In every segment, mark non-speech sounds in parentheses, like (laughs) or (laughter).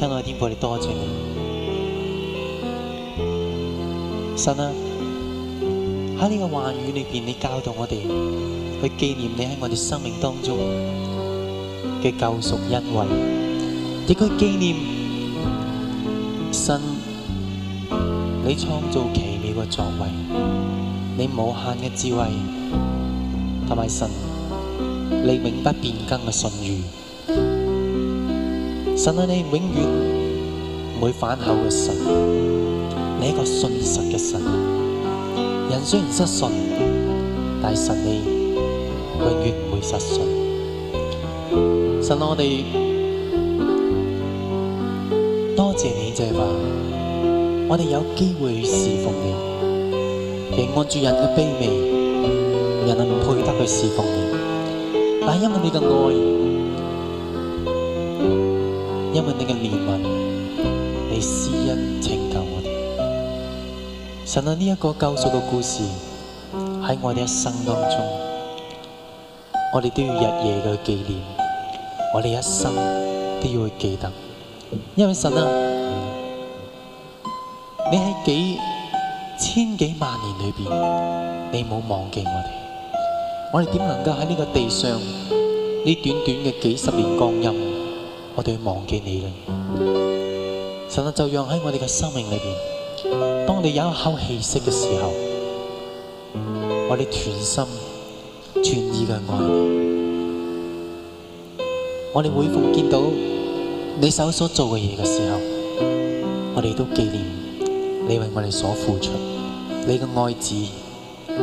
親愛嘅天父，你多謝神啊！喺呢個話語裏邊，你教導我哋去紀念你喺我哋生命當中嘅救贖恩惠，亦去紀念神你創造奇妙嘅作為，你無限嘅智慧，同埋神你永不變更嘅信譽。神啊，你永遠唔會反口嘅神，你係一個信實嘅神。人雖然失信，但神你永遠唔會失信。神啊，我哋多謝你這話，我哋有機會去侍奉你。並按住人嘅卑微，人唔配得去侍奉你，但係因為你嘅愛。因為你嘅憐憫，你施恩拯救我哋，神啊，呢一個救贖嘅故事喺我哋一生當中，我哋都要日夜嘅紀念，我哋一生都要去記得，因為神啊，你喺幾千幾萬年裏邊，你冇忘記我哋，我哋點能夠喺呢個地上呢短短嘅幾十年光陰，我哋會忘記你嘅，實在就讓喺我哋嘅生命裏邊，當你有一口氣息嘅時候，我哋全心全意嘅愛你。我哋每逢見到你手所做嘅嘢嘅時候，我哋都紀念你為我哋所付出，你嘅愛子，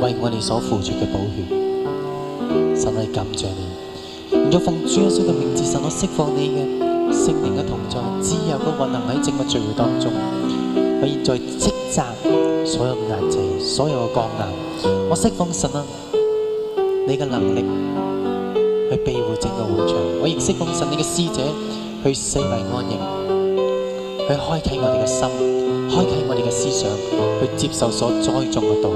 為我哋所付出嘅寶血，真係感謝你。若奉主耶穌嘅名字，神我釋放你嘅聖靈嘅同在，自由都運行喺整個聚會當中，我現在斥責所有嘅恩賜、所有嘅光能。我釋放神啊，你嘅能力去庇護整個會場，我亦釋放神，你嘅使者去四圍安營，去開啟我哋嘅心，開啟我哋嘅思想，去接受所栽種嘅道。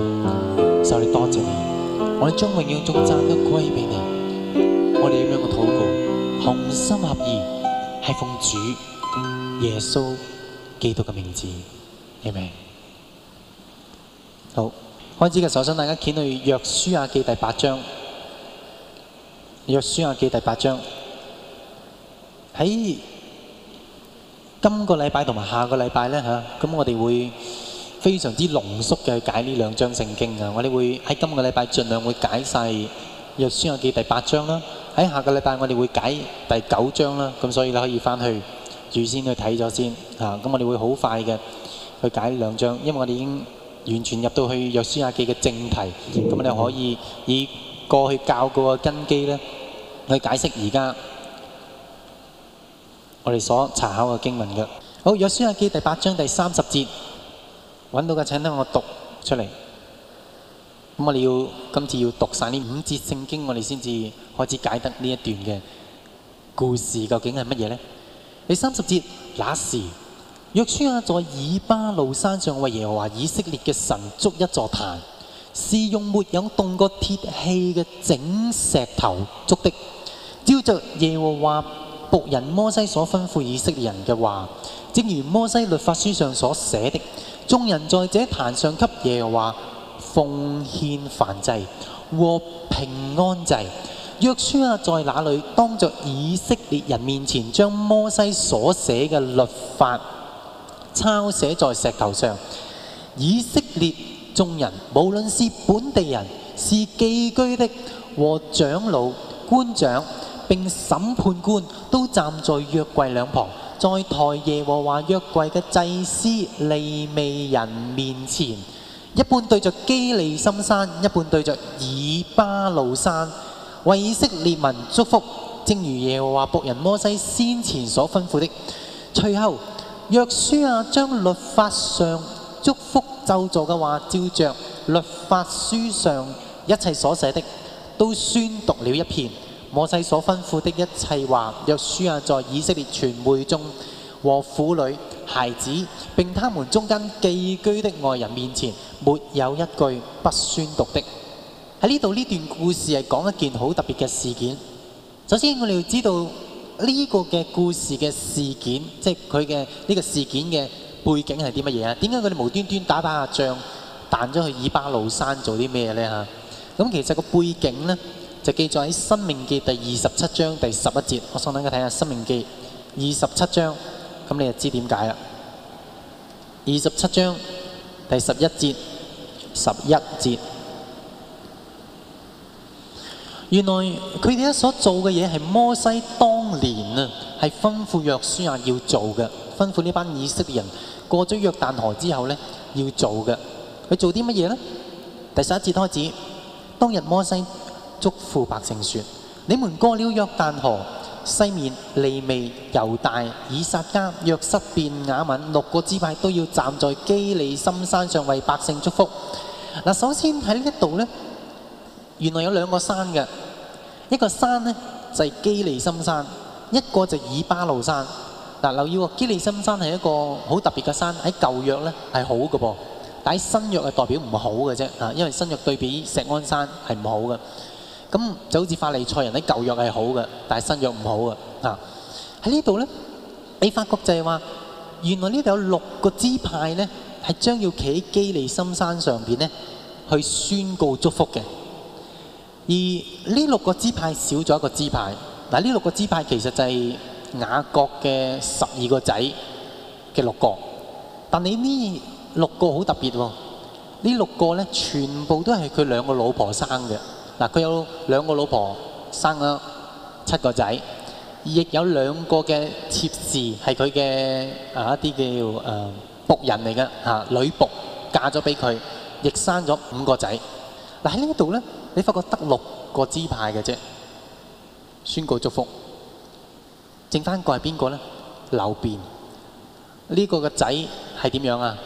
受你多謝，你我哋將永遠將讚都歸俾你。同心合意係奉主耶穌基督嘅名字，係咪？好，開始嘅時候想大家撿去《約書亞記》第八章，《約書亞記》第八章喺今個禮拜同埋下個禮拜呢，咁我哋會非常之濃縮嘅去解呢兩章聖經。我哋會喺今個禮拜盡量會解晒《約書亞記》第八章啦。喺下個禮拜我哋會解第九章啦，咁所以你可以返去預先去睇咗先嚇，咁我哋會好快嘅去解兩章，因為我哋已經完全入到去約書亞記嘅正題，咁你可以以過去教過嘅根基呢去解釋而家我哋所查考嘅經文嘅。好，約書亞記第八章第三十節揾到嘅，請聽我讀出嚟。咁我哋要今次要讀晒呢五節聖經，我哋先至開始解得呢一段嘅故事究竟係乜嘢呢？第三十節，那時，約書亞在以巴路山上為耶和華以色列嘅神築一座壇，是用沒有動過鐵器嘅整石頭築的。照着耶和華僕人摩西所吩咐以色列人嘅話，正如摩西律法書上所寫的，眾人在這壇上給耶和華。奉獻燔祭和平安祭，約書亞在那裡當着以色列人面前，將摩西所寫嘅律法抄寫在石頭上。以色列眾人，無論是本地人、是寄居的和長老、官長，並審判官，都站在約櫃兩旁，在抬耶和華約櫃嘅祭司利未人面前。一半對着基利心山，一半對着以巴魯山，為以色列民祝福，正如耶和華僕人摩西先前所吩咐的。隨後，約書亞將律法上祝福咒詛嘅話照着律法書上一切所寫的，都宣讀了一遍。摩西所吩咐的一切話，約書亞在以色列全會眾，和婦女。孩子，並他們中間寄居的外人面前，沒有一句不宣讀的。喺呢度呢段故事係講一件好特別嘅事件。首先，我哋要知道呢個嘅故事嘅事件，即係佢嘅呢個事件嘅背景係啲乜嘢啊？點解佢哋無端端打打下仗，彈咗去以巴魯山做啲咩呢？吓，咁其實個背景呢，就記載喺《申命記》第二十七章第十一節。我想大家睇下《申命記》二十七章，咁你就知點解啦。二十七章第十一節，十一節，原來佢哋一所做嘅嘢係摩西當年啊，係吩咐約書亞要做嘅，吩咐呢班以色列人過咗約旦河之後咧要做嘅。佢做啲乜嘢咧？第十一節開始，當日摩西祝福百姓説：你們過了約旦河。西緬、利未、猶大、以薩迦、約瑟、便雅憫六個支派都要站在基利心山上為百姓祝福。嗱，首先喺呢一度咧，原來有兩個山嘅，一個山咧就係基利心山，一個就以巴路山。嗱，留意喎，基利心山係一個好特別嘅山，喺舊約咧係好嘅噃，但喺新約係代表唔好嘅啫啊，因為新約對比錫安山係唔好嘅。咁就好似法利賽人啲舊約係好嘅，但係新約唔好嘅啊！喺呢度咧，你發覺就係話，原來呢度有六個支派咧，係將要企喺基利心山上邊咧去宣告祝福嘅。而呢六個支派少咗一個支派嗱，呢六個支派其實就係雅各嘅十二個仔嘅六個，但你呢六個好特別喎、哦，呢六個咧全部都係佢兩個老婆生嘅。佢有兩個老婆，生咗七個仔，亦有兩個嘅妾侍係佢嘅啊，一啲叫誒、呃、僕人嚟嘅嚇，女僕嫁咗畀佢，亦生咗五個仔。嗱喺呢度咧，你發覺得六個支派嘅啫，宣告祝福，剩翻個係邊個咧？流便呢、呢個嘅仔係點樣啊？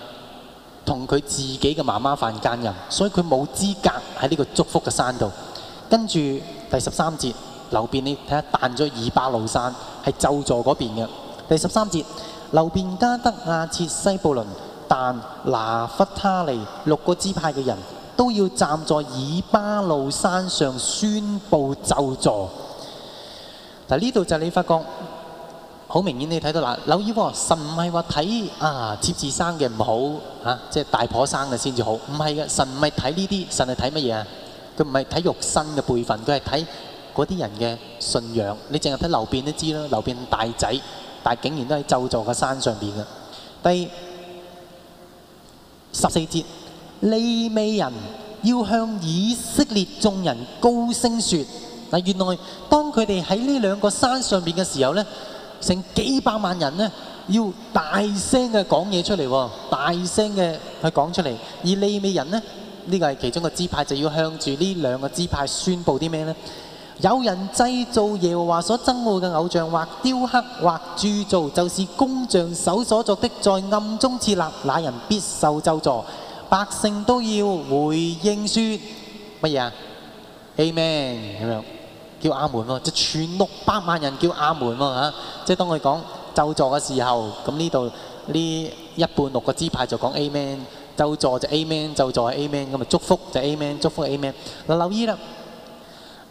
同佢自己嘅媽媽犯奸淫，所以佢冇資格喺呢個祝福嘅山度。跟住第十三節，流便你睇下，但咗以巴路山係咒詛嗰邊嘅。第十三節，流便迦得亞設西布倫但拿弗他利六個支派嘅人都要站在以巴路山上宣佈咒詛。嗱，呢度就係你發覺。好明顯，你睇到嗱，留意喎，神唔係話睇啊，妾侍生嘅唔好嚇，即係大婆生嘅先至好，唔係嘅，神唔係睇呢啲，神係睇乜嘢啊？佢唔係睇肉身嘅輩份，佢係睇嗰啲人嘅信仰。你淨係睇流便都知啦，流便大仔，但係竟然都喺咒詛嘅山上邊嘅。第十四節，利未人要向以色列眾人高聲説，嗱，原來當佢哋喺呢兩個山上邊嘅時候咧。成幾百萬人呢，要大聲嘅講嘢出嚟喎，大聲嘅去講出嚟。而利未人呢，呢個係其中個支派，就要向住呢兩個支派宣佈啲咩呢？有人製造耶和華所憎惡嘅偶像，或雕刻，或鑄造，就是工匠手所作的，在暗中設立，那人必受咒詛。百姓都要回應説：乜嘢啊？Amen。叫阿門咯，就全六百萬人叫阿門咯吓。即係當佢講咒詛嘅時候，咁呢度呢一半六個支派就講 Amen，咒詛就 Amen，咒詛係 Amen，咁啊祝福就 Amen，祝福 Amen，嗱留意啦，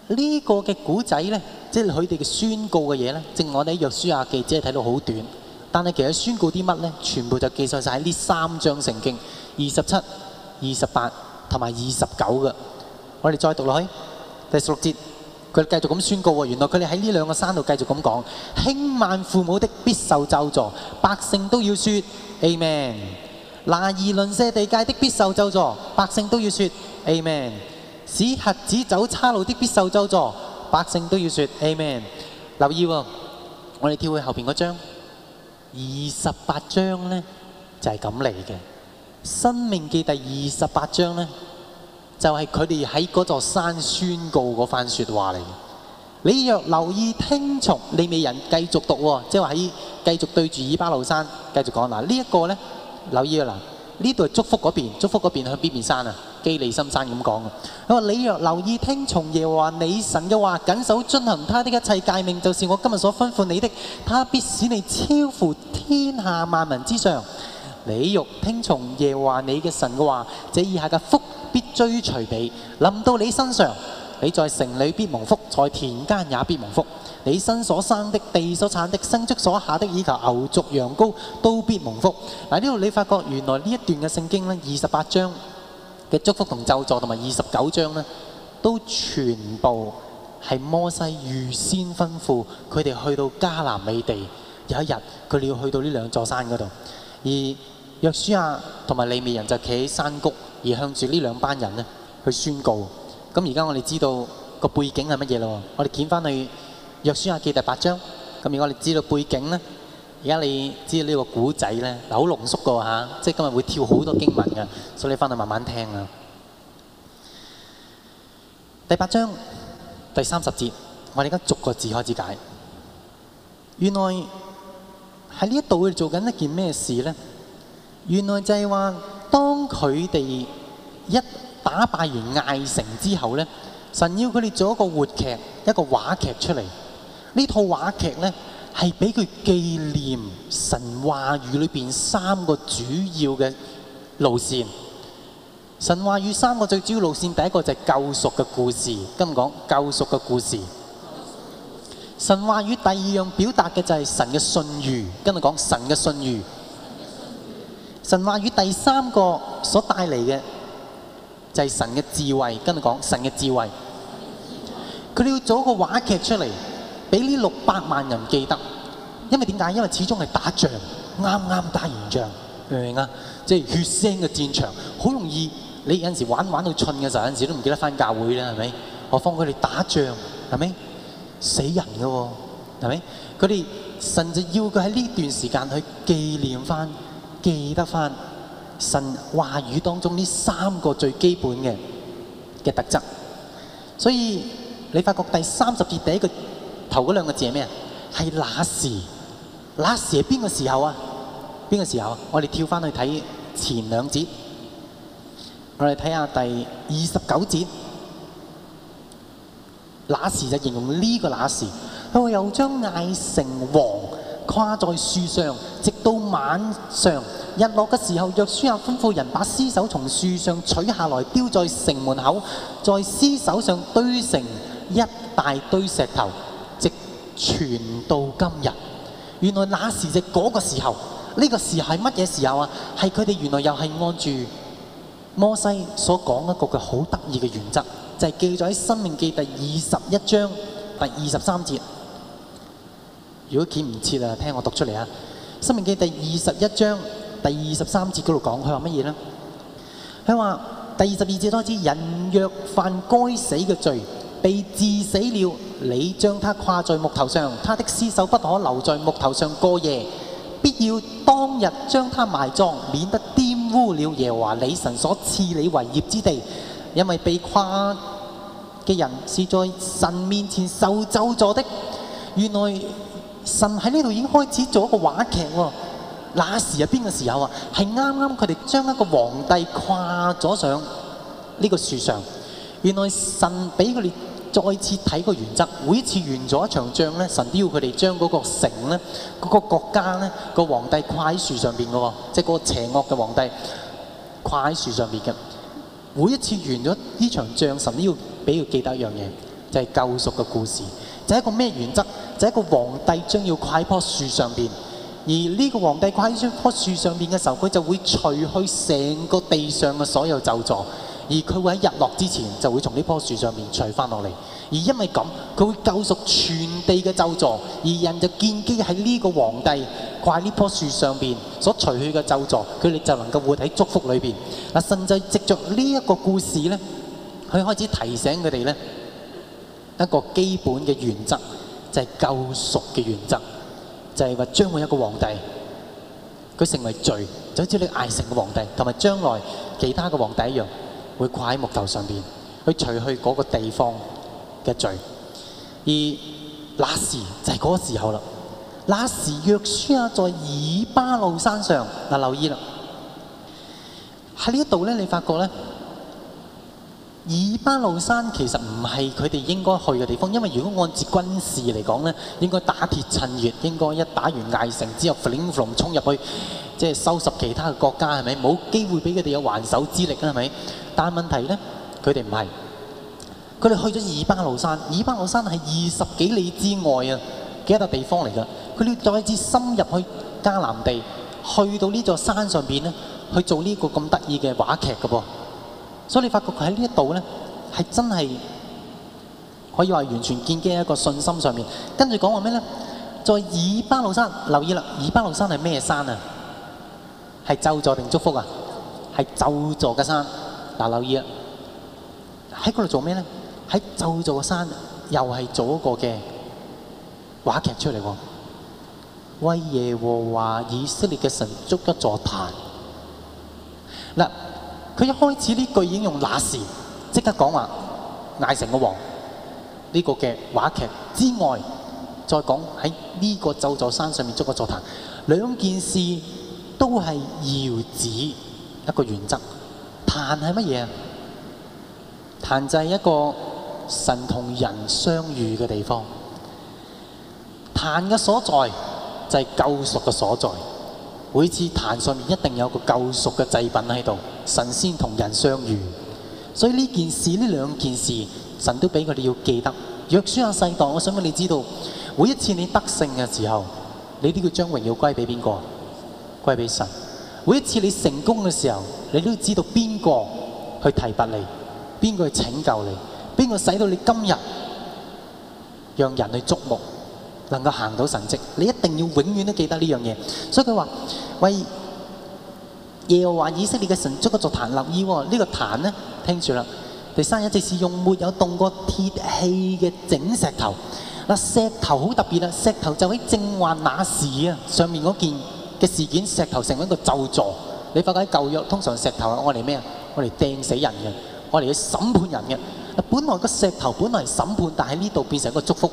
呢個嘅古仔咧，即係佢哋嘅宣告嘅嘢咧。正如我哋喺《約書亞記》只係睇到好短，但係其實宣告啲乜咧？全部就記載晒喺呢三章聖經二十七、二十八同埋二十九嘅。我哋再讀落去第十六節。佢哋繼續咁宣告喎，原來佢哋喺呢兩個山度繼續咁講，輕慢父母的必受咒詛，百姓都要說 Amen；挪移鄰舍地界的必受咒詛，百姓都要說 Amen；使瞎子走差路的必受咒詛，百姓都要說 Amen。留意、哦，我哋跳去後邊嗰章，二十八章呢，就係咁嚟嘅《申命記》第二十八章呢。就係佢哋喺嗰座山宣告嗰番説話嚟嘅。你若留意聽從，你未人繼續讀喎、哦，即係話喺繼續對住以巴路山繼續講嗱。呢一、這個呢，留意啊嗱，呢度係祝福嗰邊，祝福嗰邊向邊邊山啊？基利心山咁講嘅。佢話你若留意聽從耶和華你神嘅話，謹守遵行他的一切誡命，就是我今日所吩咐你的，他必使你超乎天下萬民之上。你若聽從耶和華你嘅神嘅話，這以下嘅福。必追隨你，臨到你身上，你在城裏必蒙福，在田間也必蒙福。你身所生的，地所產的，牲畜所下的，以及牛、犢、羊、羔，都必蒙福。嗱，呢度你發覺，原來呢一段嘅聖經呢，二十八章嘅祝福同咒詛同埋二十九章呢，都全部係摩西預先吩咐佢哋去到迦南美地，有一日佢哋要去到呢兩座山嗰度，而約書亞同埋利未人就企喺山谷，而向住呢兩班人咧，去宣告。咁而家我哋知道個背景係乜嘢咯？我哋掀翻去約書亞記第八章。咁如果我哋知道背景咧，而家你知道個呢個古仔咧，嗱好濃縮噶吓，即係今日會跳好多經文噶，所以你翻去慢慢聽啊。第八章第三十節，我哋而家逐個字開始解。原來喺呢一度佢哋做緊一件咩事咧？原來就係話，當佢哋一打敗完艾城之後咧，神要佢哋做一個活劇、一個話劇出嚟。呢套話劇咧，係俾佢紀念神話語裏邊三個主要嘅路線。神話語三個最主要路線，第一個就係救贖嘅故事，今日講救贖嘅故事。神話語第二樣表達嘅就係神嘅信譽，今日講神嘅信譽。神話與第三個所帶嚟嘅就係神嘅智慧，跟你講神嘅智慧。佢哋要做一個話劇出嚟，畀呢六百萬人記得。因為點解？因為始終係打仗，啱啱打完仗，明唔明啊？即係血腥嘅戰場，好容易你有陣時玩玩到燉嘅時候，有陣時都唔記得返教會啦，係咪？何況佢哋打仗係咪？死人嘅喎，係咪？佢哋神就要佢喺呢段時間去紀念返。記得返神話語當中呢三個最基本嘅特質，所以你發覺第三十節第一個頭嗰兩個字係咩？係那時，那時係邊個時候啊？邊個時候啊？我哋跳返去睇前兩節，我哋睇下第二十九節，那時就形容呢個那時，佢又將艾城王。跨在樹上，直到晚上日落嘅時候，約書亞吩咐人把屍首從樹上取下來，丟在城門口，在屍首上堆成一大堆石頭，直傳到今日。原來那時就嗰個時候，呢、這個時係乜嘢時候啊？係佢哋原來又係按住摩西所講一個嘅好得意嘅原則，就係、是、記載喺《申命記》第二十一章第二十三節。如果見唔切啊，聽我讀出嚟啊，《申命記》第二十一章第二十三節嗰度講，佢話乜嘢呢？佢話第二十二節開始，人若犯該死嘅罪，被治死了，你將他掛在木頭上，他的屍首不可留在木頭上過夜，必要當日將他埋葬，免得玷污了耶和華你神所賜你為業之地，因為被掛嘅人是在神面前受咒詛的。原來。神喺呢度已經開始做一個話劇喎，那時啊邊嘅時候啊，係啱啱佢哋將一個皇帝跨咗上呢個樹上。原來神俾佢哋再次睇個原則，每一次完咗一場仗咧，神都要佢哋將嗰個城咧、嗰個國家咧、個皇帝跨喺樹上面嘅喎，即係嗰個邪惡嘅皇帝跨喺樹上面嘅。每一次完咗呢場仗，神都要俾佢、那個那個就是、記得一樣嘢，就係、是、救贖嘅故事。就係一個咩原則？就係、一個皇帝將要掛喺棵樹上邊，而呢個皇帝掛喺呢棵樹上邊嘅時候，佢就會除去成個地上嘅所有咒詛，而佢會喺日落之前就會從呢棵樹上面除翻落嚟。而因為咁，佢會救贖全地嘅咒詛，而人就建基喺呢個皇帝掛呢棵樹上邊所除去嘅咒詛，佢哋就能夠活喺祝福裏邊。嗱，神就藉著呢一個故事呢，佢開始提醒佢哋呢。一個基本嘅原則就係救贖嘅原則，就係、是、話、就是、將會一個皇帝，佢成為罪，就好似你艾城嘅皇帝同埋將來其他嘅皇帝一樣，會掛喺木頭上邊，去除去嗰個地方嘅罪。而那時就係嗰個時候啦，那時約書亞在以巴路山上嗱，留意啦，喺呢一度咧，你發覺咧。以巴路山其實唔係佢哋應該去嘅地方，因為如果按照軍事嚟講呢應該打鐵趁熱，應該一打完艾城之後，fling 衝入去，即係收拾其他嘅國家，係咪？冇機會畀佢哋有還手之力，係咪？但問題呢，佢哋唔係，佢哋去咗以巴路山，以巴路山係二十幾里之外嘅，幾笪地方嚟㗎？佢哋再次深入去迦南地，去到呢座山上邊呢，去做呢個咁得意嘅話劇㗎噃。所以你發覺佢喺呢一度咧，係真係可以話完全建基喺一個信心上面。跟住講話咩咧？在以巴路山，留意啦，以巴路山係咩山啊？係咒詛定祝福啊？係咒詛嘅山。嗱，留意啊，喺嗰度做咩咧？喺咒詛嘅山，又係做一個嘅話劇出嚟。為耶和華以色列嘅神築一座壇。嗱。佢一開始呢句已經用那時，即刻講話魏城嘅王呢，這個嘅話劇之外，再講喺呢個咒座山上面捉個座壇，兩件事都係要指一個原則。壇係乜嘢啊？壇就係一個神同人相遇嘅地方。壇嘅所在就係救贖嘅所在。每次壇上面一定有一個救贖嘅祭品喺度，神仙同人相遇，所以呢件事呢兩件事，神都俾佢哋要記得。約書亞、啊、世代，我想問你知道，每一次你得勝嘅時候，你都要將榮耀歸俾邊個？歸俾神。每一次你成功嘅時候，你都要知道邊個去提拔你，邊個去拯救你，邊個使到你今日讓人去矚目。能夠行到神迹你一定要永遠都記得呢樣嘢。所以佢話：喂，耶和華以色列嘅神將個座壇立意喎，哦，呢、呢個壇咧，聽住啦。第三一隻是用沒有動過鐵器嘅整石頭。石頭好特別啦，石頭就喺正話那時啊，上面嗰件嘅事件，石頭成為一個咒座。你發覺喺舊約通常石頭係愛嚟咩啊？愛嚟掟死人嘅，我嚟去審判人嘅。本來個石頭本來係審判，但喺呢度變成一個祝福。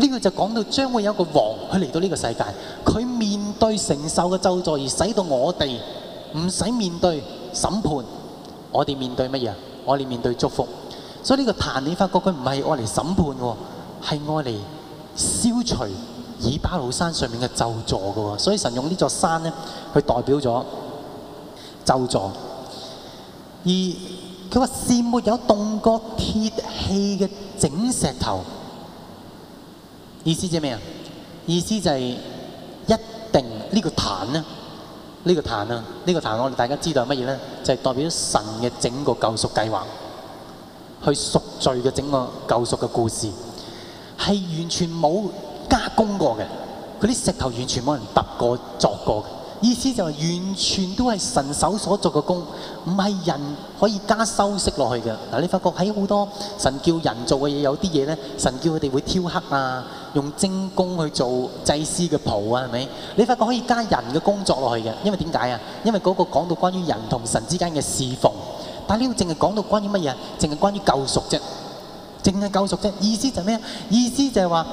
呢個就講到將會有一個王，佢嚟到呢個世界，佢面對承受嘅咒詛，而使到我哋唔使面對審判，我哋面對乜嘢？我哋面對祝福。所以呢個壇你發覺佢唔係愛嚟審判嘅，係愛嚟消除以巴魯山上面嘅咒詛嘅。所以神用呢座山咧去代表咗咒詛。而佢話是沒有動過鐵器嘅整石頭。意思即係咩啊？意思就係一定呢個壇呢？呢、呢個壇啊？呢、呢個壇我哋大家知道係乜嘢咧？就係、係、代表神嘅整個救贖計劃，去贖罪嘅整個救贖嘅故事，係完全冇加工過嘅。佢啲石頭完全冇人揼過、作過嘅。意思就係完全都係神手所作嘅工，唔係人可以加修飾落去嘅。嗱，你發覺喺好、哎、多神叫人做嘅嘢，有啲嘢咧，神叫佢哋會雕刻啊。用精工去做祭司嘅袍啊，係咪？你發覺可以加人嘅工作落去嘅，因為點解啊？因為嗰個講到關於人同神之間嘅侍奉，但呢個淨係講到關於乜嘢？淨係關於救贖啫，淨係救贖啫。意思就咩？意思就係話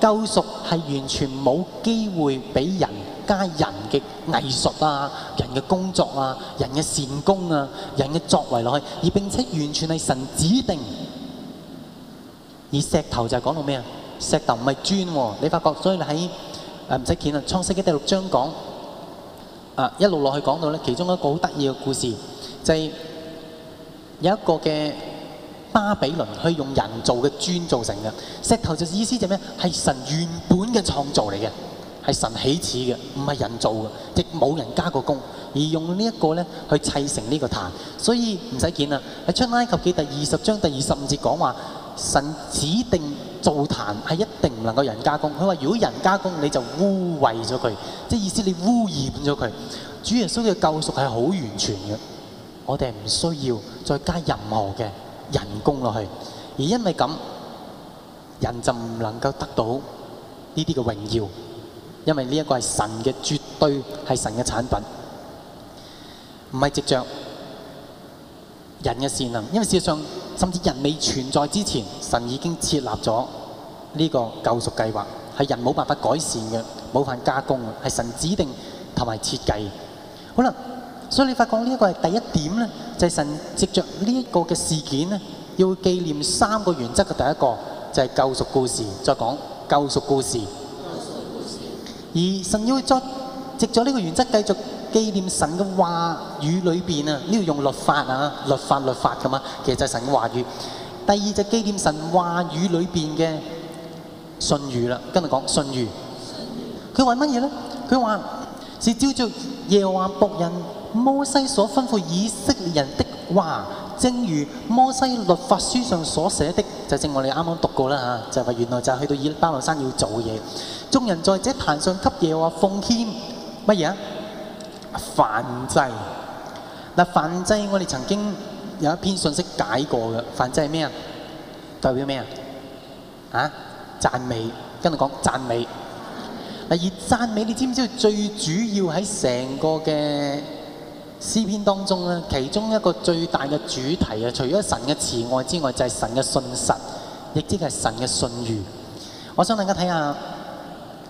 救贖係完全冇機會俾人加人嘅藝術啊、人嘅工作啊、人嘅善功啊、人嘅作為落去，而並且完全係神指定。而石頭就係講到咩啊？石頭唔係磚喎，你發覺，所以你喺誒唔使見啦。創世記第六章講啊，一路落去講到咧，其中一個好得意嘅故事就係有一個嘅巴比倫去用人造嘅磚造成嘅石頭，就意思就咩？係神原本嘅創造嚟嘅，係神起始嘅，唔係人造嘅，亦冇人加過工而用呢一個咧去砌成呢個壇。所以唔使見啦，喺出埃及記第二十章第二十五節講話神指定。造壇係一定唔能夠人加工，佢話：如果人加工，你就污穢咗佢，即係意思你污染咗佢。主耶穌嘅救贖係好完全嘅，我哋唔需要再加任何嘅人工落去，而因為咁，人就唔能夠得到呢啲嘅榮耀，因為呢一個係神嘅，絕對係神嘅產品，唔係藉著人嘅善能，因為事實上。甚至人未存在之前，神已經設立咗呢個救贖計劃，係人冇辦法改善嘅，冇辦法加工嘅，係神指定同埋設計嘅。好啦，所以你發覺呢一個係第一點咧，就係神藉著呢一個嘅事件咧，要紀念三個原則嘅第一個就係救贖故事，再講救贖故事。而神要去再藉咗呢個原則繼續。紀念神嘅話語裏邊啊，呢度用律法啊，律法律法㗎嘛，其實就係神嘅話語。第二就係紀念神話語裏邊嘅信譽啦，跟住講信譽。佢話乜嘢咧？佢話是照著耶和華僕人摩西所吩咐以色列人的話，正如摩西律法書上所寫的，就正我哋啱啱讀過啦嚇、啊，就話、是、原來就係去到以巴路山要做嘅嘢。眾人在這壇上給耶和華奉獻乜嘢啊？反制，嗱反制，我哋曾經有一篇信息解過嘅反制係咩啊？代表咩啊？啊？讚美，跟住講讚美。而讚美，你知唔知道最主要喺成個嘅詩篇當中咧，其中一個最大嘅主題啊，除咗神嘅慈愛之外，就係、是、神嘅信實，亦即係神嘅信譽。我想大家睇下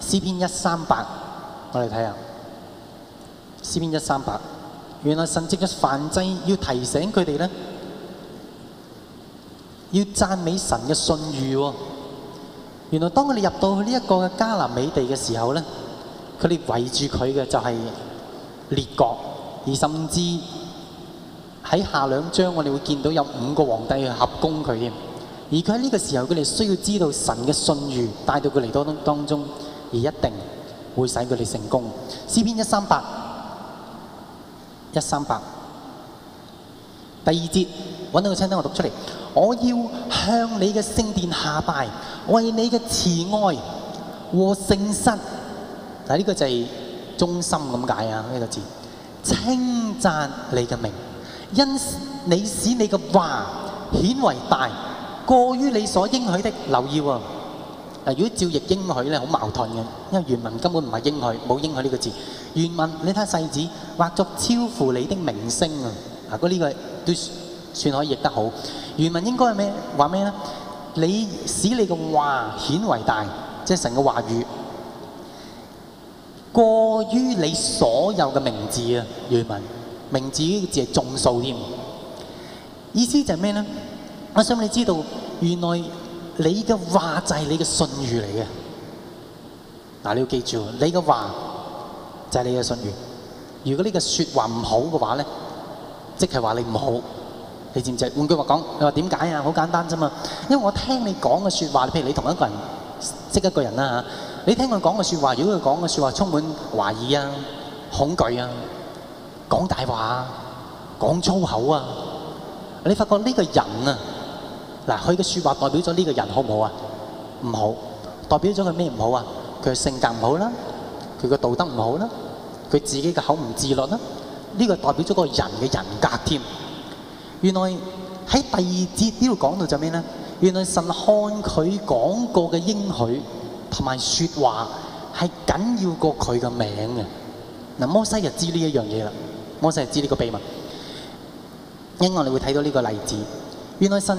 詩篇一三八，我哋睇下。詩篇一三八，原來神藉嘅憲制要提醒佢哋咧，要讚美神嘅信譽，哦。原來當佢哋入到呢一個嘅迦南美地嘅時候咧，佢哋圍住佢嘅就係列國，而甚至喺下兩章我哋會見到有五個皇帝去合攻佢添。而佢喺呢個時候，佢哋需要知道神嘅信譽帶到佢哋當中，而一定會使佢哋成功。詩篇一三八。一三八，1300，第二節揾到個聲，我讀出嚟。我要向你嘅聖殿下拜，為你嘅慈愛和誠實這。這個呢個就係忠心咁解啊！呢個字稱讚你嘅名，因你使你嘅話顯為大，過於你所應許的。留意喎、哦。嗱，如果照譯應許咧，好矛盾嘅，因為原文根本唔係應許，冇應許呢個字。原文你睇下細字，畫作超乎你的名聲啊！嗱，嗰呢個都算可以譯得好。原文應該係咩？話咩咧？你使你嘅話顯為大，即係成個話語，過於你所有嘅名字啊！原文名字呢個字係眾數添，意思就係咩咧？我想你知道，原來。你嘅話就係你嘅信譽嚟嘅，嗱，你要記住，你嘅話就係你嘅信譽。如果呢個說話唔好嘅話咧，即、就是說你唔好，你知唔知道？換句話講，你話點解啊？好簡單啫嘛，因為我聽你講嘅說話，譬如你同一個人識一個人，你聽佢講嘅說話，如果佢講嘅說話充滿懷疑啊、恐懼啊、講大話、啊、講粗口啊，你發覺呢個人啊。嗱，佢嘅説話代表咗呢個人好唔好啊？唔好，代表咗佢咩唔好啊？佢嘅性格唔好啦，佢嘅道德唔好啦，佢自己嘅口唔自律啦，呢個代表咗個人嘅人格添。原來喺第二節呢度講到就咩咧？原來神看佢講過嘅應許同埋説話係緊要過佢嘅名嘅。嗱，摩西就知呢一樣嘢啦，摩西就知呢個秘密。因為你會睇到呢個例子，原來神。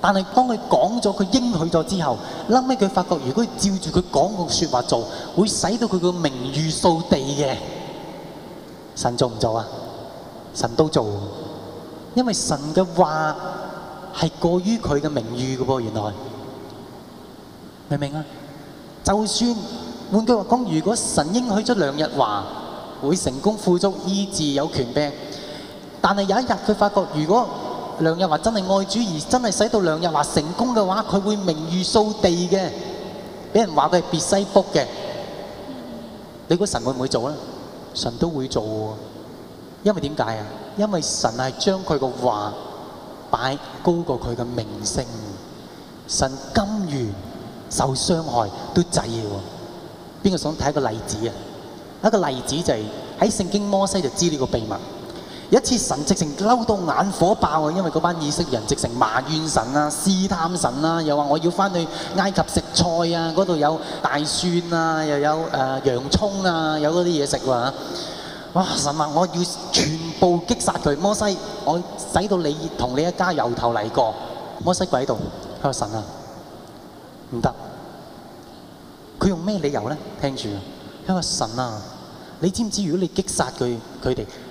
但係，當佢講咗佢應許咗之後，後尾佢發覺，如果照住佢講嘅説話做，會使到佢個名譽掃地嘅。神做唔做啊？神都做，因為神嘅話係過於佢嘅名譽嘅噃。原來明唔明啊？就算換句話講，如果神應許咗兩日話會成功富足、醫治有權柄，但係有一日佢發覺如果梁日華真係愛主而真係使到梁日華成功嘅話，佢會名譽掃地嘅，俾人話佢係別西卜嘅。你估神會唔會做咧？神都會做，因為點解啊？因為神係將佢嘅話擺高過佢嘅名聲。神甘願受傷害都制嘅。邊個想睇一個例子啊？一個例子就係喺聖經摩西就知呢個秘密。一次神直情嬲到眼火爆啊！因為嗰班以色列人直情埋怨神啊，試探神、啊、又話我要返去埃及食菜啊！嗰度有大蒜啊，又有、呃、洋葱啊，有嗰啲嘢食喎哇！神啊，我要全部擊殺佢！摩西，我使到你同你一家由頭嚟過。摩西跪在喺度，佢話神啊，唔得！佢用咩理由呢？聽住，佢話神啊，你知唔知道如果你擊殺佢佢哋？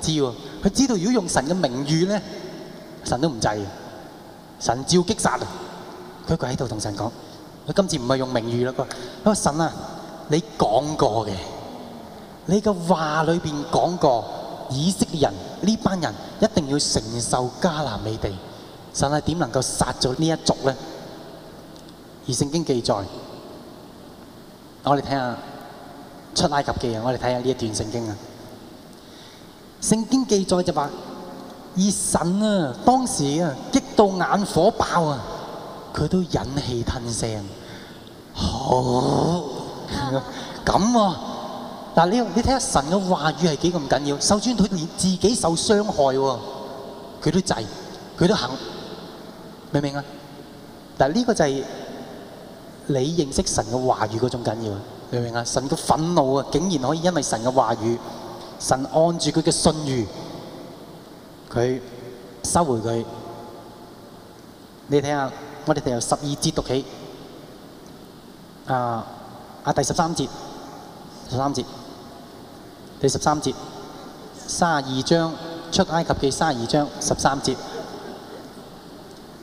知喎，佢知道如果用神嘅名譽呢，神都唔制嘅，神照擊殺佢。佢喺度同神講：佢今次唔係用名譽啦，佢話神啊，你講過嘅，你的話裏面講過，以色列人呢班人一定要承受迦南美地，神係點能夠殺咗呢一族呢？而聖經記載，我哋睇下出埃及記啊，我哋睇下呢一段聖經啊。聖經記載就話，以神啊，當時啊，激到眼火爆啊，佢都忍氣吞聲。好，咁啊，嗱、啊，但你你睇下神嘅話語係幾咁緊要，受主佢連自己受傷害，啊，佢都制，佢都肯，明唔明啊？但呢個就係你認識神嘅話語嗰種緊要，明唔明啊？神嘅憤怒啊，竟然可以因為神嘅話語。神按住佢嘅信譽，佢收回佢。你睇下，我哋由十二節讀起，啊第十三節，十三節，第十三節，卅二章，出埃及記卅二章十三節。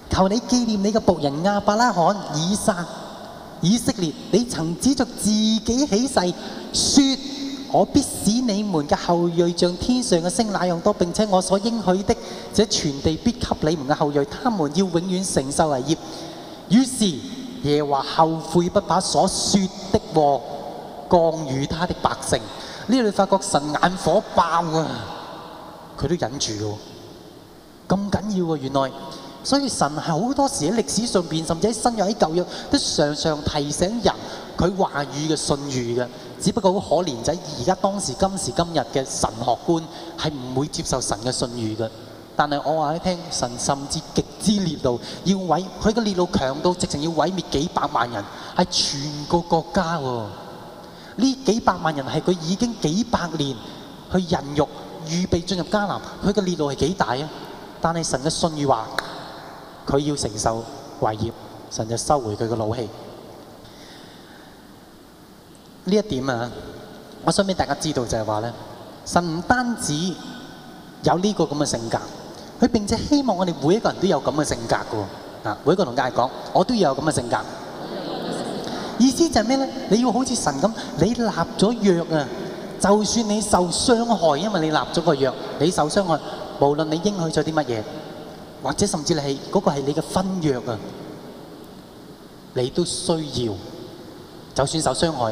求你記念你嘅僕人亞伯拉罕、以撒、以色列，你曾指著自己起誓，説。我必使你們嘅後裔像天上嘅星那樣多，並且我所應許的，這全地必給你們嘅後裔，他們要永遠承受為業。於是耶華後悔不把所說的禍降於他的百姓。呢裏發覺神眼火爆啊，佢都忍住，咁緊要啊！原來、啊，所以神係好多時喺歷史上邊，甚至喺新約喺舊約，都常常提醒人佢話語嘅信譽嘅。只不過好可憐仔，而家當時今時今日嘅神學官係唔會接受神嘅信譽嘅。但係我話你聽，神甚至極之烈度，要毀佢嘅烈度強到直情要毀滅幾百萬人，係全個國家喎。呢幾百萬人係佢已經幾百年去孕育、預備進入迦南，佢嘅烈度係幾大啊？但係神嘅信譽話，佢要承受壞業，甚至收回佢嘅怒氣。呢一點啊，我想俾大家知道就係話咧，神唔單止有呢個咁嘅性格，佢並且希望我哋每一個人都有咁嘅性格噶喎。啊，每一個同大家講，我都要有咁嘅性格。意思就係咩咧？你要好似神咁，你立咗約啊，就算你受傷害，因為你立咗個約，你受傷害，無論你應許咗啲乜嘢，或者甚至你係嗰個係你嘅婚約啊，你都需要，就算受傷害。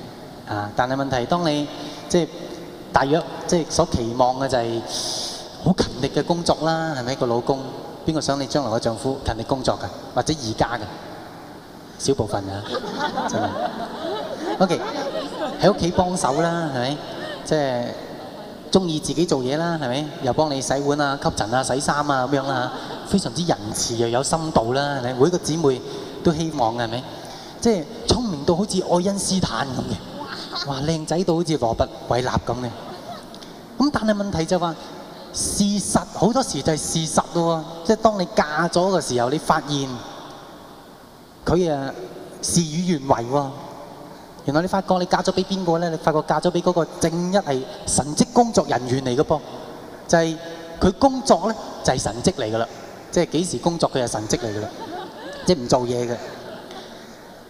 啊！但係問題，當你即係大約即係所期望嘅就係好勤力嘅工作啦，係咪？一個老公？邊個想你將來個丈夫勤力工作㗎？或者而家嘅小部分㗎，真係 OK 喺屋企幫手啦，係咪？即係中意自己做嘢啦，係咪？又幫你洗碗啊、吸塵啊、洗衫啊咁樣啦，非常之仁慈又有深度啦。係咪？每一個姊妹都希望嘅係咪？即係聰明到好似愛因斯坦咁嘅。哇，靚仔到好似蘿蔔偉立咁嘅，咁但係問題就話，是，事實好多時就係事實喎，哦，即係當你嫁咗嘅時候，你發現佢啊事與願違喎。原來你發覺你嫁咗俾邊個咧？你發覺嫁咗俾嗰個正一係神職工作人員嚟嘅噃，就係，是，佢工作咧就係，是，神職嚟嘅啦，即係幾時工作佢係神職嚟嘅啦， (laughs) 即係唔做嘢嘅。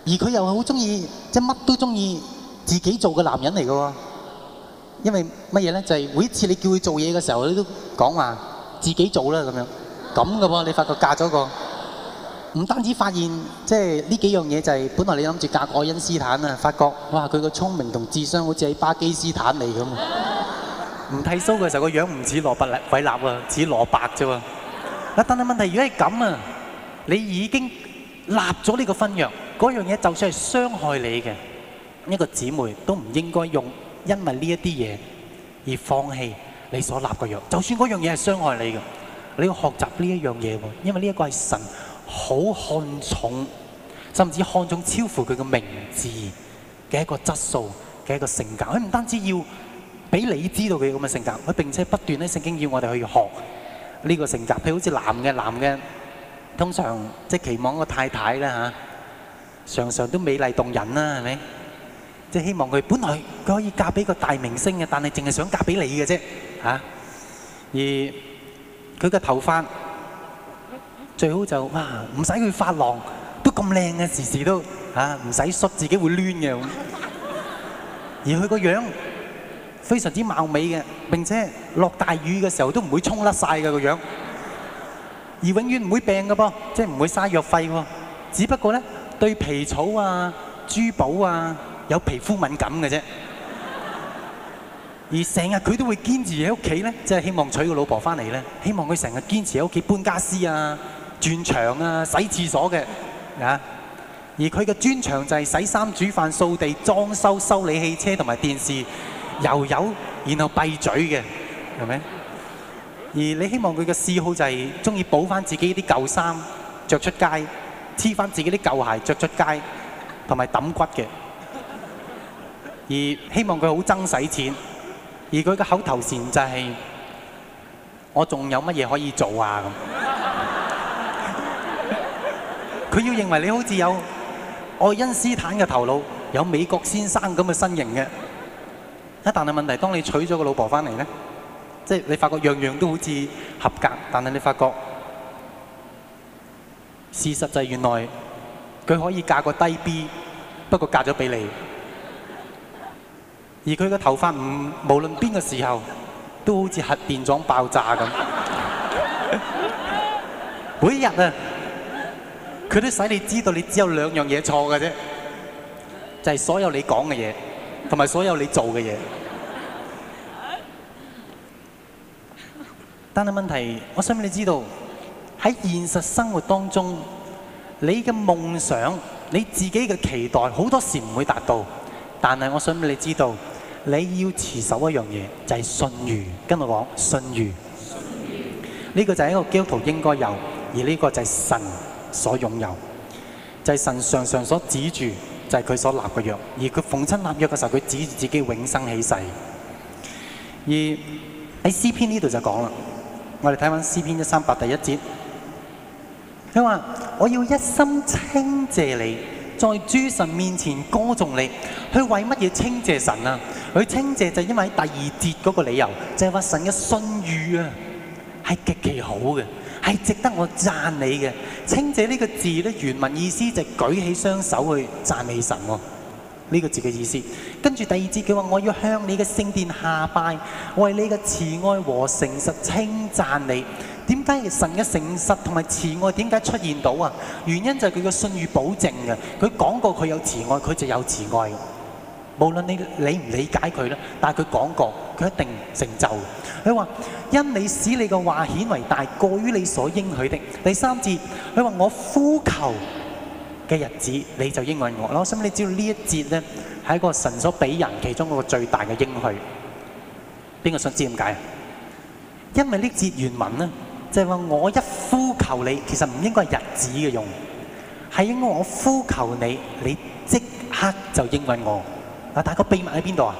而佢又好中意，即係乜都中意。自己做嘅男人嚟嘅喎，因為乜嘢咧？就係每一次你叫佢做嘢嘅時候，佢都講話自己做啦咁樣，咁嘅喎。你發覺嫁咗個唔單止發現，即係呢幾樣嘢就係本來你諗住嫁愛因斯坦啊，發覺哇佢個聰明同智商好似喺巴基斯坦嚟咁啊！唔剃鬚嘅時候個樣唔似蘿卜立鬼立喎，似蘿蔔啫喎。一但係問題如果係咁啊，你已經立咗呢個婚約，嗰樣嘢就算係傷害你嘅。一個姊妹都唔應該用，因為呢一啲嘢，而放棄你所立嘅約。就算嗰樣嘢係傷害你嘅，你要學習呢一樣嘢。因為呢一個係神好看重，甚至看重超乎佢嘅名字嘅一個質素嘅一個性格。佢唔單止要俾你知道佢咁嘅性格，佢並且不斷喺聖經要我哋去學呢個性格。譬如好似男嘅男嘅，通常即係期望個太太呢吓，常常都美麗動人啦，係咪？即係希望佢本來佢可以嫁俾個大明星嘅，但係淨係想嫁俾你嘅啫嚇。而佢個頭髮最好就哇唔使佢髮廊都咁靚嘅，時時都嚇唔使梳自己會攣嘅。而佢個樣非常之貌美嘅，並且落大雨嘅時候都唔會沖甩曬佢個樣，而永遠唔會病嘅噃，即係唔會嘥藥費。只不過咧對皮草啊、珠寶啊。有皮膚敏感嘅啫，而成日佢都會堅持喺屋企咧，即係希望娶個老婆翻嚟咧。希望佢成日堅持喺屋企搬傢俬啊、轉牆啊、洗廁所嘅啊。而佢嘅專長就係洗衫、煮飯、掃地、裝修、修理汽車同埋電視，又有然後閉嘴嘅，係咪？而你希望佢嘅嗜好就係中意補翻自己啲舊衫著出街，黐翻自己啲舊鞋著出街，同埋揼骨嘅。而希望佢好憎使錢，而佢嘅口頭禪就係：我仲有乜嘢可以做啊？咁佢 (laughs) 要認為你好似有愛因斯坦嘅頭腦，有美國先生咁嘅身形嘅。一但係問題，當你娶咗個老婆翻嚟咧，即係你發覺樣樣都好似合格，但係你發覺事實就係原來佢可以嫁個低 B，不過嫁咗俾你。而佢嘅頭髮唔無論邊個時候，都好似核電廠爆炸咁。 (laughs) 每一日啊，佢都使你知道你只有兩樣嘢錯嘅啫，就係、是、所有你講嘅嘢，同埋所有你做嘅嘢。 (laughs) 但係問題，我想俾你知道，喺現實生活當中，你嘅夢想、你自己嘅期待，好多時唔會達到。但係，我想俾你知道。你要持守一樣嘢，就係信譽。跟我講，信譽。呢個就係一個基督徒應該有，而呢個就係神所擁有，就係神常常所指住，就係佢所立嘅約。而佢逢親立約嘅時候，佢指住自己永生起誓。而喺詩篇呢度就講啦，我哋睇返詩篇一三八第一節，佢話：我要一心稱謝你。在諸神面前歌頌你，佢為乜嘢稱謝神啊？佢稱謝就是因為第二節嗰個理由，就係話神嘅信譽啊，係極其好嘅，係值得我讚你嘅。稱謝呢個字咧，原文意思就是舉起雙手去讚美神咯、啊，呢個字嘅意思。跟住第二節佢話，我要向你嘅聖殿下拜，為你嘅慈愛和誠實稱讚你。點解神嘅誠實同埋慈愛點解出現到啊？原因就係佢嘅信譽保證嘅，佢講過佢有慈愛，佢就有慈愛。無論你理唔理解佢咧，但係佢講過，佢一定成就。佢話因你使你嘅話顯為大，過於你所應許的。第三節，佢話我呼求嘅日子，你就應允我咯。所以你知道呢一節咧，係一個神所俾人其中一個最大嘅應許。邊個想知點解？因為呢節原文咧。就係話我一呼求你，其實唔應該係日子嘅用，是應該我呼求你，你即刻就應允我嗱。但個秘密喺邊度啊？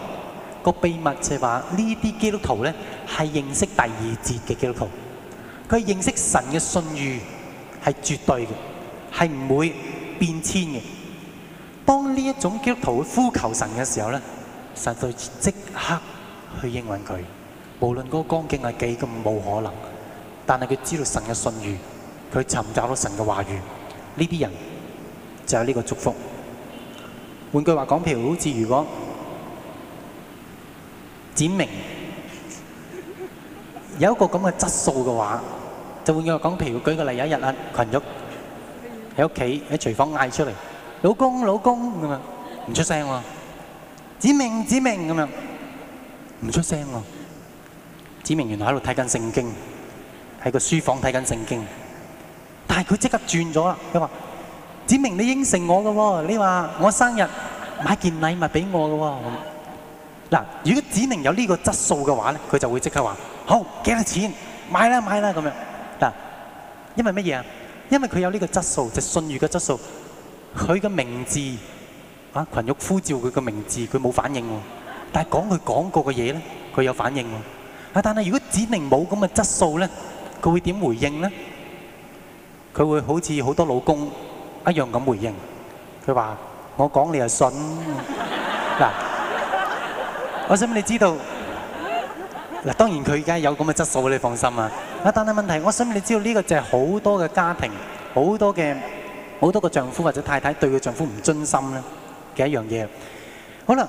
個秘密就係話呢啲基督徒咧，係認識第二節嘅基督徒，佢認識神嘅信譽係絕對嘅，係唔會變遷嘅。當呢一種基督徒呼求神嘅時候，神實在即刻去應允佢，無論嗰個光景係幾咁冇可能。但係佢知道神嘅信譽，佢尋找到神嘅話語，呢啲人就有呢個祝福。換句話講，譬如好似如果展明有一個咁嘅質素嘅話，就換句話講，譬如舉個例，有一日啊，群玉喺屋企喺廚房嗌出嚟，老公，老公咁樣，唔出聲喎。展明，展明咁樣，唔出聲喎。展明原來喺度睇緊聖經。喺個書房睇緊聖經，但係佢即刻轉咗啦。佢話：子明，你應承我嘅喎，你話我生日買件禮物俾我嘅喎。嗱，如果子明有呢個質素嘅話咧，佢就會即刻話好，幾多錢買啦買啦，咁樣嗱。因為乜嘢啊？因為佢有呢個質素，就信譽嘅質素。佢嘅名字啊，羣玉呼召佢嘅名字，佢冇反應喎。但係講佢講過嘅嘢咧，佢有反應喎。啊，但係如果子明冇咁嘅質素咧？佢會點回應呢？佢會好似好多老公一樣咁回應。佢話：我講你就信嗱。我想你知道嗱，當然佢而家有咁嘅質素，你放心啊。啊，但係問題，我想你知道呢個就係好多嘅家庭、好多嘅好多嘅丈夫或者太太對佢丈夫唔忠心咧嘅一樣嘢。好啦，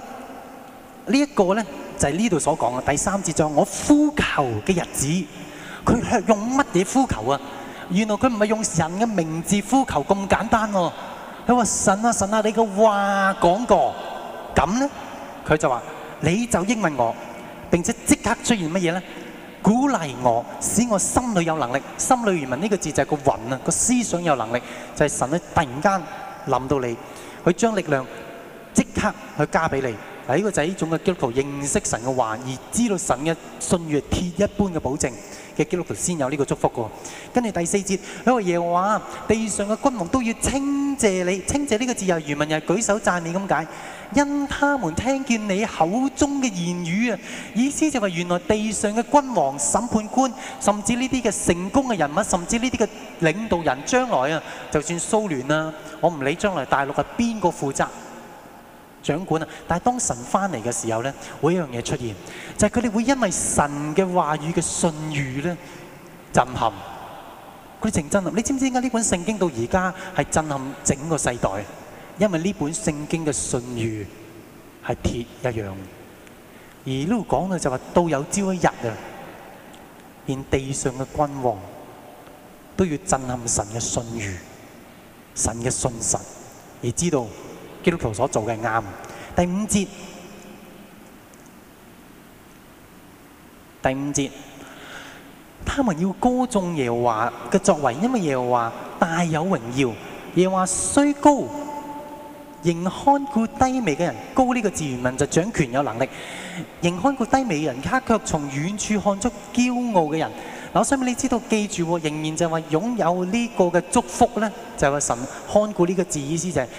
呢一個呢就係呢度所講嘅第三節：我呼求嘅日子。佢係用乜嘢呼求啊？原來佢唔係用神嘅名字呼求咁簡單喎、啊。佢話神啊神啊，你嘅話講過咁咧，佢就話你就應允我，並且即刻出現乜嘢咧？鼓勵我，使我心裏有能力。心裏原文呢個字就係個魂啊，個思想有能力就係、是、神咧。突然間諗到你，佢將力量即刻去加俾你。嗱，呢個就係呢種嘅基督徒認識神嘅話，而知道神嘅信譽鐵一般嘅保證。嘅基督徒先有呢個祝福噶，跟住第四節，佢話耶和華地上嘅君王都要稱謝你，稱謝呢個字又如民又舉手讚你咁解，因他們聽見你口中嘅言語啊，意思就係原來地上嘅君王、審判官，甚至呢啲嘅成功嘅人物，甚至呢啲嘅領導人，將來啊，就算蘇聯啦，我唔理將來大陸係邊個負責。掌管啊！但係當神翻嚟嘅時候咧，會一樣嘢出現，就係佢哋會因為神嘅話語嘅信譽咧震撼，佢哋震驚你知唔知？點解呢本聖經到而家係震撼整個世代，因為呢本聖經嘅信譽係鐵一樣。而呢度講嘅就話，到有朝一日啊，連地上嘅君王都要震撼神嘅信譽，神嘅信實，而知道。基督徒所做嘅啱。第五節，第五節，他們要歌頌耶和華嘅作為，因為耶和華大有榮耀，耶和華雖高，仍看顧低微嘅人。高呢個字原文就掌權有能力，仍看顧低微嘅人，卡家卻從遠處看出驕傲嘅人。嗱，我想畀你知道記住、哦、仍然就係話擁有呢個嘅祝福咧，就係、是、神看顧呢個字意思就係、是。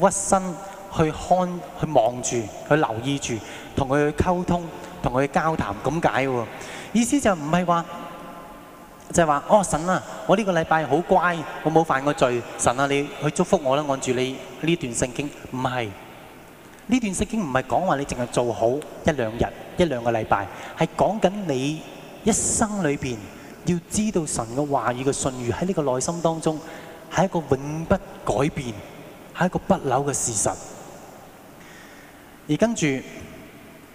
屈身去看、去望住、去留意住，同佢去溝通、同佢去交談，咁解喎。意思就唔係話，就係話，哦神啊，我呢個禮拜好乖，我冇犯過罪，神啊，你去祝福我啦，按住你呢段聖經。唔係，呢段聖經唔係講話你淨係做好一兩日、一兩個禮拜，係講緊你一生裏邊要知道神嘅話語嘅信譽喺呢個內心當中係一個永不改變。係一個不朽嘅事實。而跟住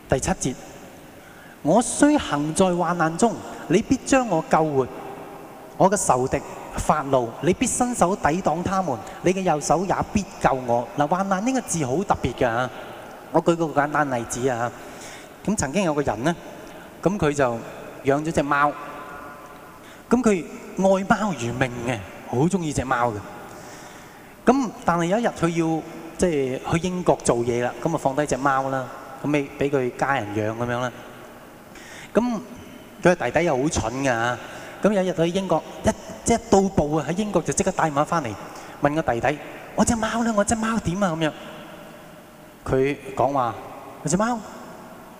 第七節，我雖行在患難中，你必將我救活。我嘅仇敵發怒，你必伸手抵擋他們。你嘅右手也必救我。嗱，患難呢個字好特別嘅吓。我舉個簡單例子啊，咁曾經有個人呢，咁佢就養咗隻貓，咁佢愛貓如命嘅，好中意隻貓嘅。咁但係有一日佢要即係去英國做嘢啦，咁啊放低隻貓啦，咁咪俾佢家人養咁樣啦。咁佢個弟弟又好蠢噶，咁有一日佢去英國一即係到步啊喺英國就即刻打電話翻嚟問個弟弟：我隻貓咧，我隻貓點啊？咁樣佢講話：我隻貓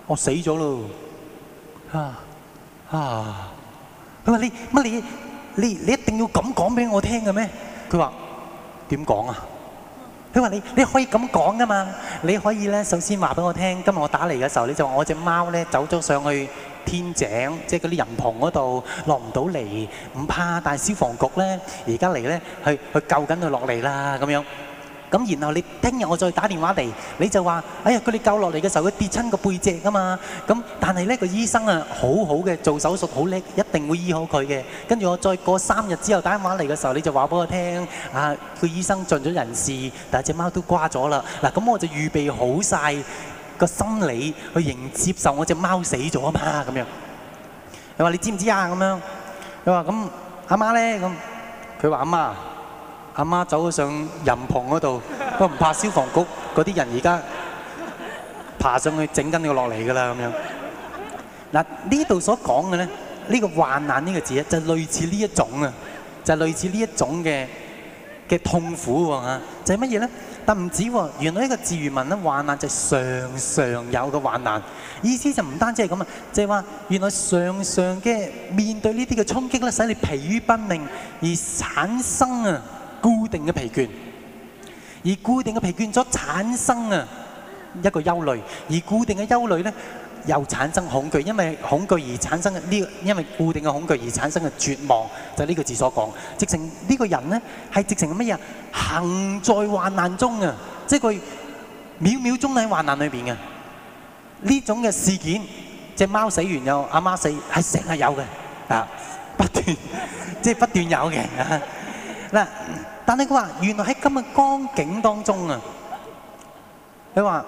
我死咗咯！啊啊！佢話你乜你你你一定要咁講俾我聽嘅咩？佢話。點講啊？佢話你你可以咁講㗎嘛？你可以呢，首先話俾我聽，今日我打嚟嘅時候，你就話我隻貓咧走咗上去天井，即係嗰啲人棚嗰度落唔到嚟，唔怕，但係消防局呢，而家嚟呢，去救緊佢落嚟啦咁樣。然後你聽日我再打電話嚟，你就話：哎呀，佢哋救落嚟嘅時候，佢跌親個背脊㗎嘛。但係咧個醫生啊，好好嘅，做手術好叻，一定會醫好佢嘅。跟住我再過三日之後打電話嚟嘅時候，你就話俾我聽：啊，個醫生盡咗人事，但隻貓都瓜咗啦。嗱、咁，我就預備好曬個心理去迎接受我隻貓死咗啊嘛，咁樣。你話你知唔知啊？咁樣。你話咁阿媽呢？咁佢話阿媽。媽媽阿媽走咗上人棚嗰度，都唔怕消防局嗰啲人，而家爬上去整緊你落嚟噶啦咁樣。嗱，呢度所講嘅咧，呢個患難呢個字咧，就係類似呢一種啊，就係類似呢一種嘅嘅痛苦喎啊，就係乜嘢咧？但唔止喎，原來呢個自語文咧，患難就係常常有嘅患難，意思就唔單止係咁啊，就係話原來常常嘅面對呢啲嘅衝擊咧，使你疲於奔命而產生啊。固定嘅疲倦，而固定嘅疲倦所產生啊一個憂慮，而固定嘅憂慮咧又產生恐懼，因為恐懼而產生嘅呢個，因為固定嘅恐懼而產生嘅絕望，就係呢個字所講。直情呢個人咧係直情乜嘢啊？行在患難中啊！即係佢秒秒鐘喺患難裏邊嘅呢種嘅事件，隻貓死完又阿媽死，係成日有嘅啊，不斷即係不斷有嘅。嗱，但係佢話原來喺今日光景當中啊，佢話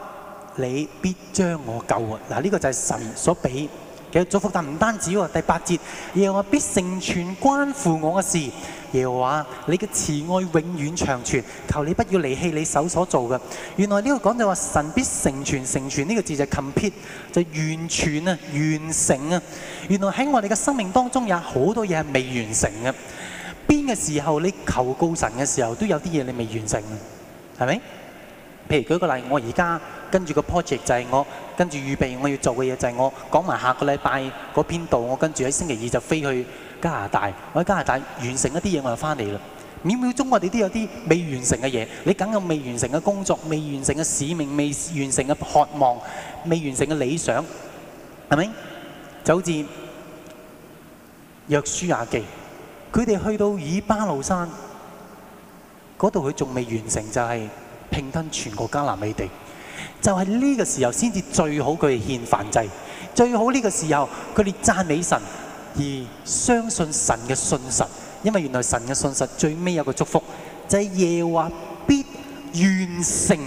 你必將我救喎。嗱，呢個就係神所俾嘅祝福，但唔單止喎，啊。第八節，耶和華必成全關乎我嘅事。耶和華你嘅慈愛永遠長存，求你不要離棄你手所做嘅。原來呢個講就話神必成全，成全呢個字就 complete 就是完全啊，完成啊。原來喺我哋嘅生命當中，有好多嘢係未完成嘅。邊嘅時候你求告神嘅時候，都有啲嘢你未完成，係咪？譬如舉個例，我而家跟住個 project 就係我跟住預備我要做嘅嘢，就係我講埋下個禮拜嗰篇道，我跟住喺星期二就飛去加拿大，我喺加拿大完成一啲嘢，我就翻嚟啦。秒秒鐘我哋都有啲未完成嘅嘢，你梗有未完成嘅工作、未完成嘅使命、未完成嘅渴望、未完成嘅理想，係咪？就好似約書亞記。佢哋去到以巴魯山，嗰度佢仲未完成，就係、是、平吞全國迦南美地。就係呢個時候先至最好，佢哋獻燔祭，最好呢個時候佢哋讚美神而相信神嘅信實。因為原來神嘅信實最尾有個祝福，就係耶和華必完成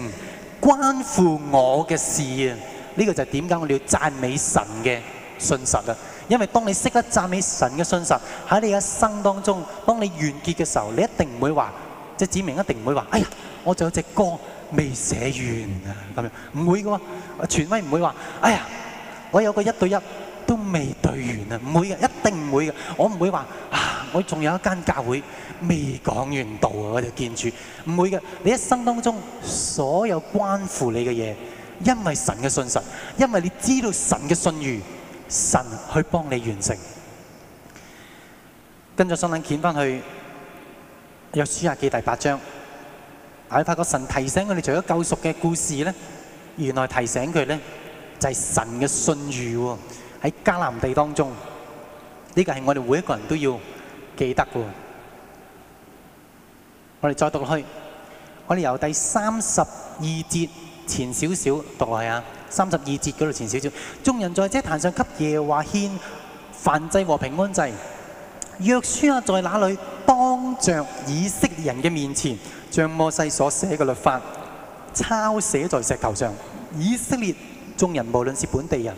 關乎我嘅事啊！呢、這個就係點解我哋要讚美神嘅信實啊！因為當你識得讚美神嘅信實，喺你一生當中，當你完結嘅時候，你一定唔會話，即係指明一定唔會話，哎呀，我仲有隻歌未寫完啊，咁樣唔會嘅，權威唔會話，哎呀，我有個一對一都未對完啊，唔會嘅，一定唔會嘅，我唔會話，啊，我仲有一間教會未講完道啊，我哋建築唔會嘅，你一生當中所有關乎你嘅嘢，因為神嘅信實，因為你知道神嘅信譽。神去幫你完成，跟住新諗撿翻去約書亞記第八章，我、啊、哋發覺神提醒我哋，除咗救贖嘅故事咧，原來提醒佢咧就係、是、神嘅信譽喎，喺迦南地當中，呢個係我哋每一個人都要記得嘅。我哋再讀落去，我哋由第三十二節前少少讀落去啊。三十二節嗰度前少少。眾人在這壇上給耶和華獻燔祭和平安祭。約書亞在哪裏？當着以色列人嘅面前，將摩西所寫嘅律法抄寫在石頭上。以色列眾人無論是本地人、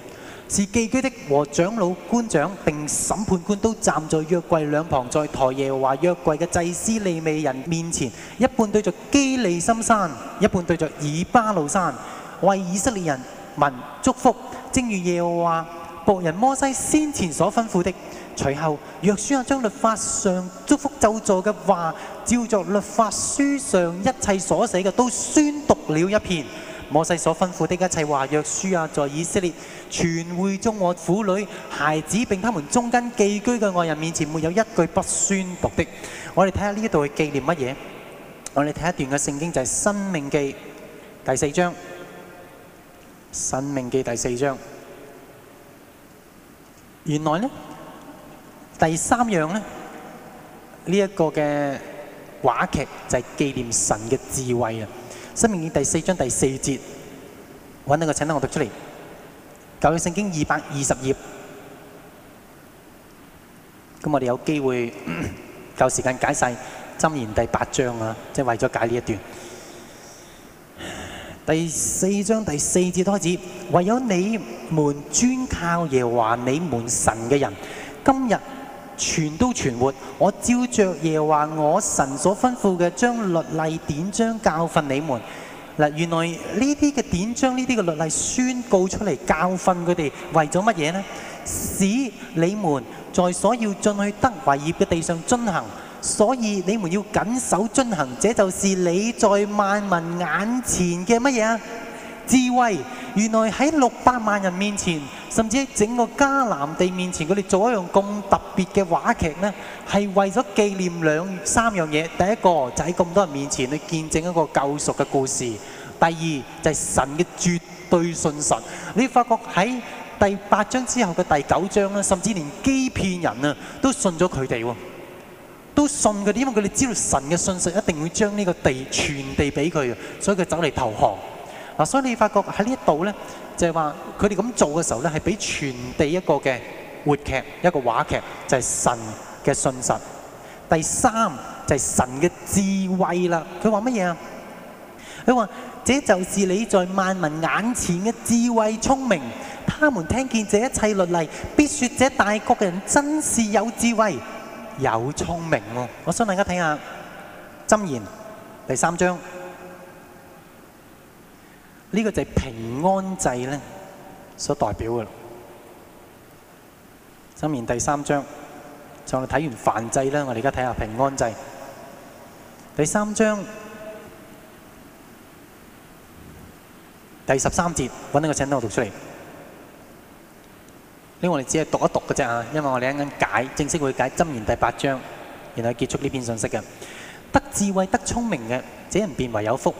是寄居的和長老、官長並審判官，都站在約櫃兩旁，在抬耶和華約櫃嘅祭司利未人面前，一半對着基利心山，一半對着以巴路山，為以色列人。文祝福，正如耶和華僕人摩西先前所吩咐的。隨後，約書亞將律法上祝福咒詛嘅話，照著律法書上一切所寫嘅，都宣讀了一遍。摩西所吩咐的一切話，約書亞，在以色列全會中和婦女、孩子並他們中間寄居嘅外人面前，沒有一句不宣讀的。我哋睇下呢一度嘅紀念乜嘢？我哋睇一段嘅聖經就係、是《申命記》第四章。《申命記》第四章，原來呢，第三樣呢，呢、這、一個嘅話劇就係紀念神嘅智慧啊！《申命記》第四章第四節，揾到個請得我讀出嚟，聖《舊約聖經》二百二十頁。咁我哋有機會夠時間解晒《箴言》第八章啊，即係為咗解呢一段。第四章第四節開始，唯有你們專靠耶和華你們神嘅人，今日全都存活。我照着耶和華我神所吩咐嘅，將律例典章教訓你們。嗱，原來呢啲嘅典章，呢啲嘅律例宣告出嚟，教訓佢哋，為咗乜嘢呢？使你們在所要進去得為業嘅地上遵行。所以你們要謹守遵行，這就是你在萬民眼前嘅乜嘢啊？智慧。原來喺六百萬人面前，甚至喺整個迦南地面前，佢哋做一樣咁特別嘅話劇呢係為咗紀念兩三樣嘢。第一個就喺咁多人面前去見證一個救贖嘅故事；第二就係神嘅絕對信實。你發覺喺第八章之後嘅第九章咧，甚至連欺騙人啊都信咗佢哋。都信嘅，因為佢哋知道神嘅信實一定會將呢個地傳遞俾佢，所以佢走嚟投降。嗱、啊，所以你發覺喺呢一度呢，就係話佢哋咁做嘅時候呢，係俾傳遞一個嘅活劇，一個話劇，就係、是、神嘅信實。第三就係、是、神嘅智慧啦。佢話乜嘢啊？佢話，這就是你在萬民眼前嘅智慧聰明。他們聽見這一切律例，必説：這大國嘅人真是有智慧。有聰明喎，我想大家睇下《箴言》第三章，呢個就係平安祭咧所代表嘅。《箴言》第三章，就我睇完燔祭啦，我哋而家睇下平安祭。第三章第十三節，搵一個請到我讀出嚟。呢我哋只係讀一讀嘅啫啊！因為我哋一陣解正式會解《箴言》第八章，然後結束呢篇信息嘅。得智慧、得聰明嘅，這人便為有福，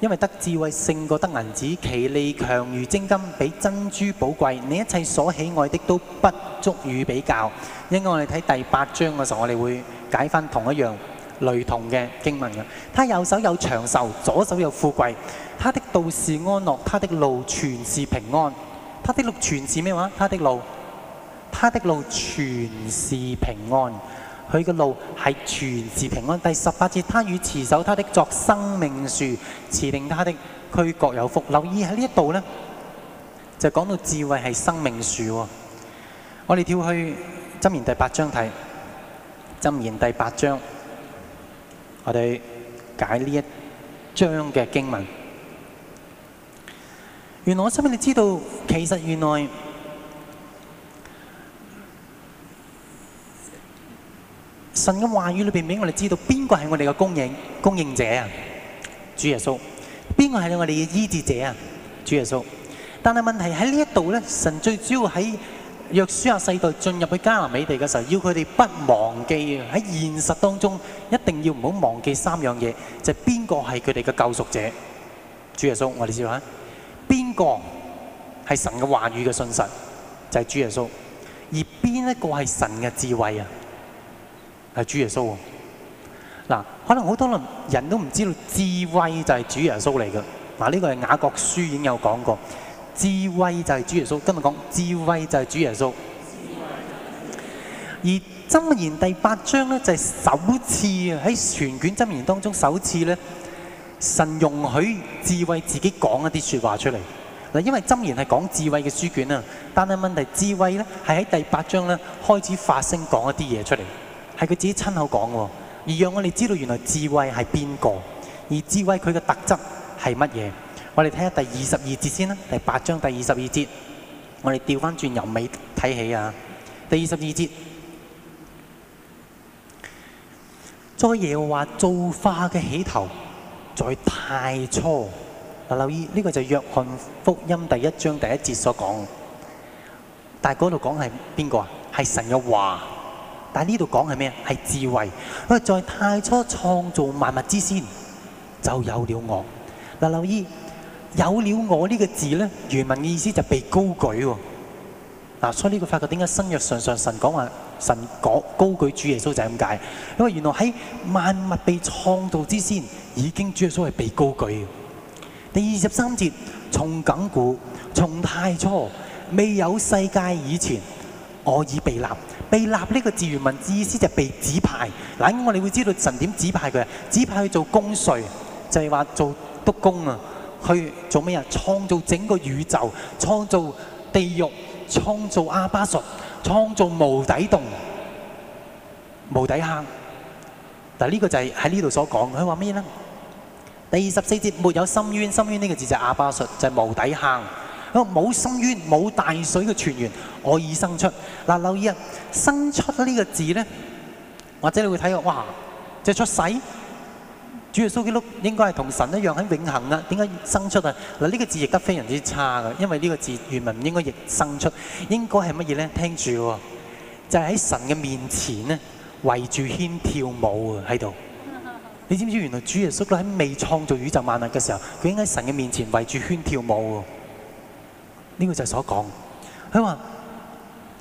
因為得智慧勝過得銀子，其利強如精金，比珍珠寶貴。你一切所喜愛的都不足以比較。因為我哋睇第八章嘅時候，我哋會解翻同一樣雷同嘅經文嘅。他的右手有長壽，左手有富貴。他的道是安樂，他的路全是平安。他的路全是咩話？他的路，他的路全是平安。佢嘅路係全是平安。第十八節，他與持守他的作生命樹，持定他的區各有福。留意喺呢一度咧，就講到智慧係生命樹。我哋跳去箴言第八章睇。箴言第八章，我哋解呢一章嘅經文。原來我心裏知道，其實原來神嘅話語裏邊，俾我哋知道邊個係我哋嘅供應供應者啊，主耶穌；邊個係我哋嘅醫治者啊，主耶穌。但係問題喺呢一度咧，神最主要喺約書亞世代進入去迦南美地嘅時候，要佢哋不忘記啊喺現實當中，一定要唔好忘記三樣嘢，就係邊個係佢哋嘅救贖者，主耶穌。我哋知道啊。邊個係神嘅話語嘅信實，就係主耶穌；而邊一個係神嘅智慧啊，係主耶穌。嗱，可能好多人都唔知道智慧就係主耶穌嚟嘅。嗱，呢個係雅各書已經有講過，智慧就係主耶穌。今日講，智慧就係主耶穌。耶穌而箴言第八章咧，就係首次啊！喺全卷箴言當中，首次咧。神容許智慧自己講一啲說話出嚟。嗱，因為箴言係講智慧嘅書卷啊，但係問題智慧咧係喺第八章咧開始發聲講一啲嘢出嚟，係佢自己親口講，而讓我哋知道原來智慧係邊個，而智慧佢嘅特質係乜嘢？我哋睇下第二十二節先啦，第八章第二十二節，我哋調翻轉由尾睇起啊，第二十二節，在耶和華造化嘅起頭。在太初，嗱留意呢，呢個就係約翰福音第一章第一節所講，但係嗰度講係邊個啊？係神嘅話，但係呢度講係咩啊？係智慧，因為在太初創造萬物之先，就有了我。嗱留意有了我呢個字咧，原文嘅意思就被高舉。嗱，啊，所以呢個發覺點解新約上上神講話？神講高舉主耶穌就係咁解，因為原來喺萬物被創造之先，已經主耶穌係被高舉。第二十三節從亙古從太初未有世界以前，我已被立。被立呢個字原文字意思就係被指派。嗱，我哋會知道神點指派佢啊？指派去做工師，就係、是、話做督工啊，去做咩啊？創造整個宇宙，創造地獄，創造阿巴順。創造無底洞、無底坑，嗱，呢個就係喺呢度所講。佢話咩咧？第二十四節，沒有深淵，深淵呢個字就係阿巴術，就係、是、無底坑。咁冇深淵、冇大水嘅泉源，我已生出。嗱、啊，留意啊，生出呢個字咧，或者你會睇到哇，即、就、係、是、出世。主耶穌基督應該係同神一樣喺永恆啦，點解生出啊？嗱、這、呢個字譯得非常之差㗎，因為呢個字原文唔應該譯生出，應該係乜嘢咧？聽住喎，就係、是、喺神嘅面前咧，圍住圈跳舞喎喺度。你知唔知原來主耶穌都喺未創造宇宙萬物嘅時候，佢應該喺神嘅面前圍住圈跳舞喎。呢、這個就係所講。佢話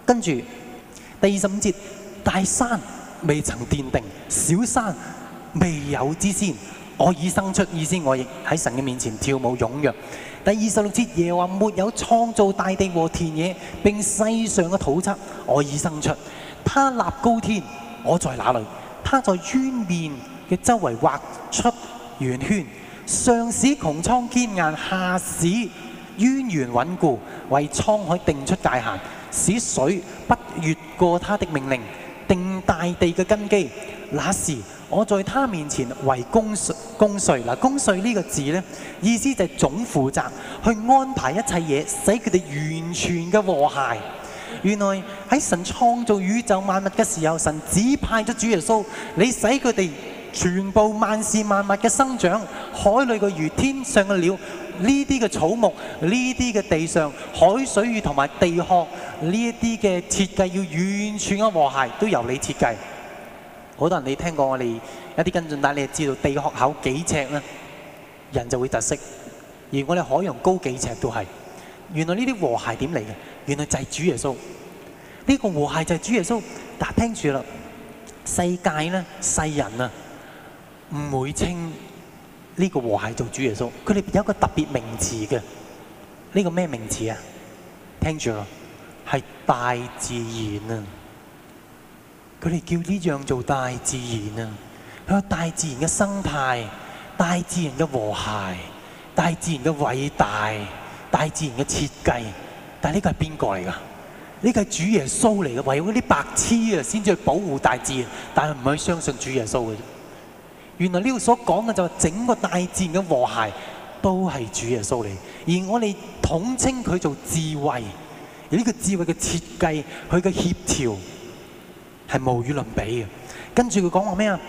跟住第二十五節，大山未曾奠定，小山。未有之先，我已生出，以先我亦喺神嘅面前跳舞踴躍。第二十六節，耶和華：沒有創造大地和田野，並世上嘅土質，我已生出。他立高天，我在那裡？他在淵面嘅周圍畫出圓圈，上使穹蒼堅硬，下使淵源穩固，為滄海定出界限，使水不越過他的命令，定大地嘅根基。那時。我在他面前為工師。工師嗱，工師呢個字咧，意思就係總負責去安排一切嘢，使佢哋完全嘅和諧。原來喺神創造宇宙萬物嘅時候，神指派咗主耶穌，你使佢哋全部萬事萬物嘅生長，海裏嘅魚，天上嘅鳥，呢啲嘅草木，呢啲嘅地上、海水與同埋地殼呢一啲嘅設計，的設計要完全嘅和諧，都由你設計。好多人你聽過我哋一啲跟進但你係知道地殼厚幾尺人就會窒息；而我哋海洋高幾尺都係。原來呢啲和諧點嚟嘅？原來就係主耶穌。呢、呢個和諧就係主耶穌。但、啊、聽住啦，世界呢世人啊，唔會稱呢個和諧做主耶穌。佢哋有一個特別名詞嘅。呢、呢個咩名詞啊？聽住啦，係大自然啊！佢哋叫呢樣做大自然啊！佢話大自然嘅生態、大自然嘅和諧、大自然嘅偉大、大自然嘅設計，但係呢個係邊個嚟噶？呢個係主耶穌嚟噶，唯有嗰啲白痴啊，先至去保護大自然，但係唔去相信主耶穌嘅啫。原來呢度所講嘅就係整個大自然嘅和諧都係主耶穌嚟，而我哋統稱佢做智慧，而呢個智慧嘅設計，佢嘅協調。係無與倫比嘅，跟住佢講話咩啊？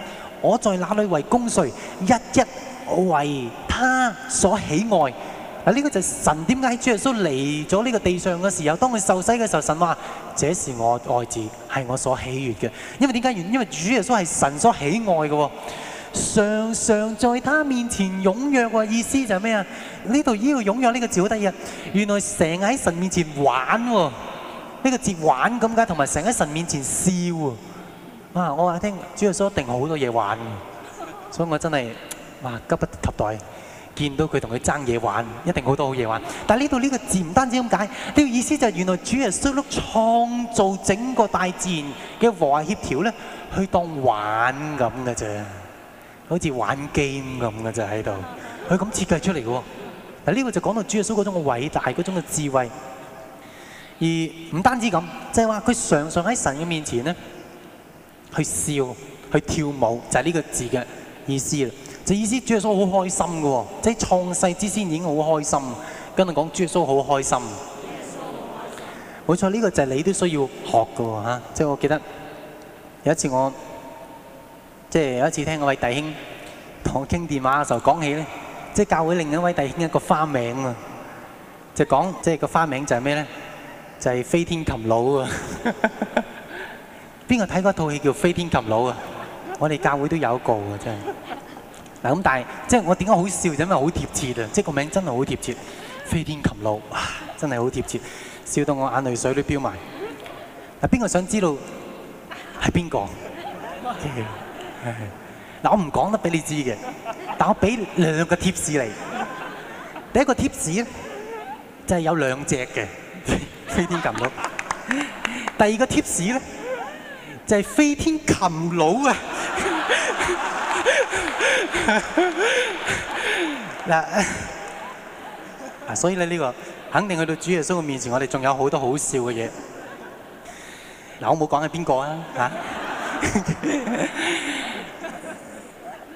我在那裡為工師，一一為他所喜愛。嗱、啊，呢個就係神點解主耶穌嚟咗呢個地上嘅時候，當佢受洗嘅時候，神話這是我愛子，係我所喜悅嘅。因為點解？因為主耶穌係神所喜愛嘅，常常在他面前踴躍、啊。意思就係咩啊？呢度呢要踴躍呢個字好得意啊！原來成日喺神面前玩、啊。呢個節玩咁解，同埋成喺神面前笑啊！我話聽主耶穌一定好多嘢玩，所以我真係哇，急不及待見到佢同佢爭嘢玩，一定好多好嘢玩。但係呢度呢個字唔單止咁解，呢、這個意思就係原來主耶穌創造整個大自然嘅和諧協調咧，去當玩咁嘅啫，好似玩 game 咁嘅啫喺度，佢咁設計出嚟嘅。嗱呢個就講到主耶穌嗰種嘅偉大，嗰種嘅智慧。而唔單止咁，即係話佢常常喺神嘅面前咧，去笑、去跳舞，就係、是、呢個字嘅意思啦。就意思，耶穌好開心嘅喎、哦，即、就、係、是、創世之先已經好開,開心。跟住講，耶穌好開心。冇錯，呢、這個就係你都需要學嘅喎。即係我記得有一次我即係、就是、有一次聽嗰位弟兄同我傾電話嘅時候講起咧，即、就、係、是、教會另一位弟兄一個花名啊，就講即係個花名就係咩咧？就係飛天琴佬啊！邊個睇過套戲叫《飛天琴佬》啊？我哋教會都有個喎，真係嗱咁。但係即係我點解好笑？就因為好貼切啊！即係個名真係好貼切，《飛天琴佬》哇，真係好貼切，笑到我眼淚水都飆埋。嗱，邊個想知道係邊個？嗱，我唔講得俾你知嘅，但我俾兩個貼士嚟。第一個貼士咧，就係有兩隻嘅。飛天擒佬，第二個 tips 咧，就係飛天擒佬啊！嗱，嗱，所以咧，呢個肯定去到主耶穌嘅面前，我哋仲有好多好笑嘅嘢。嗱，我冇講係邊個啊？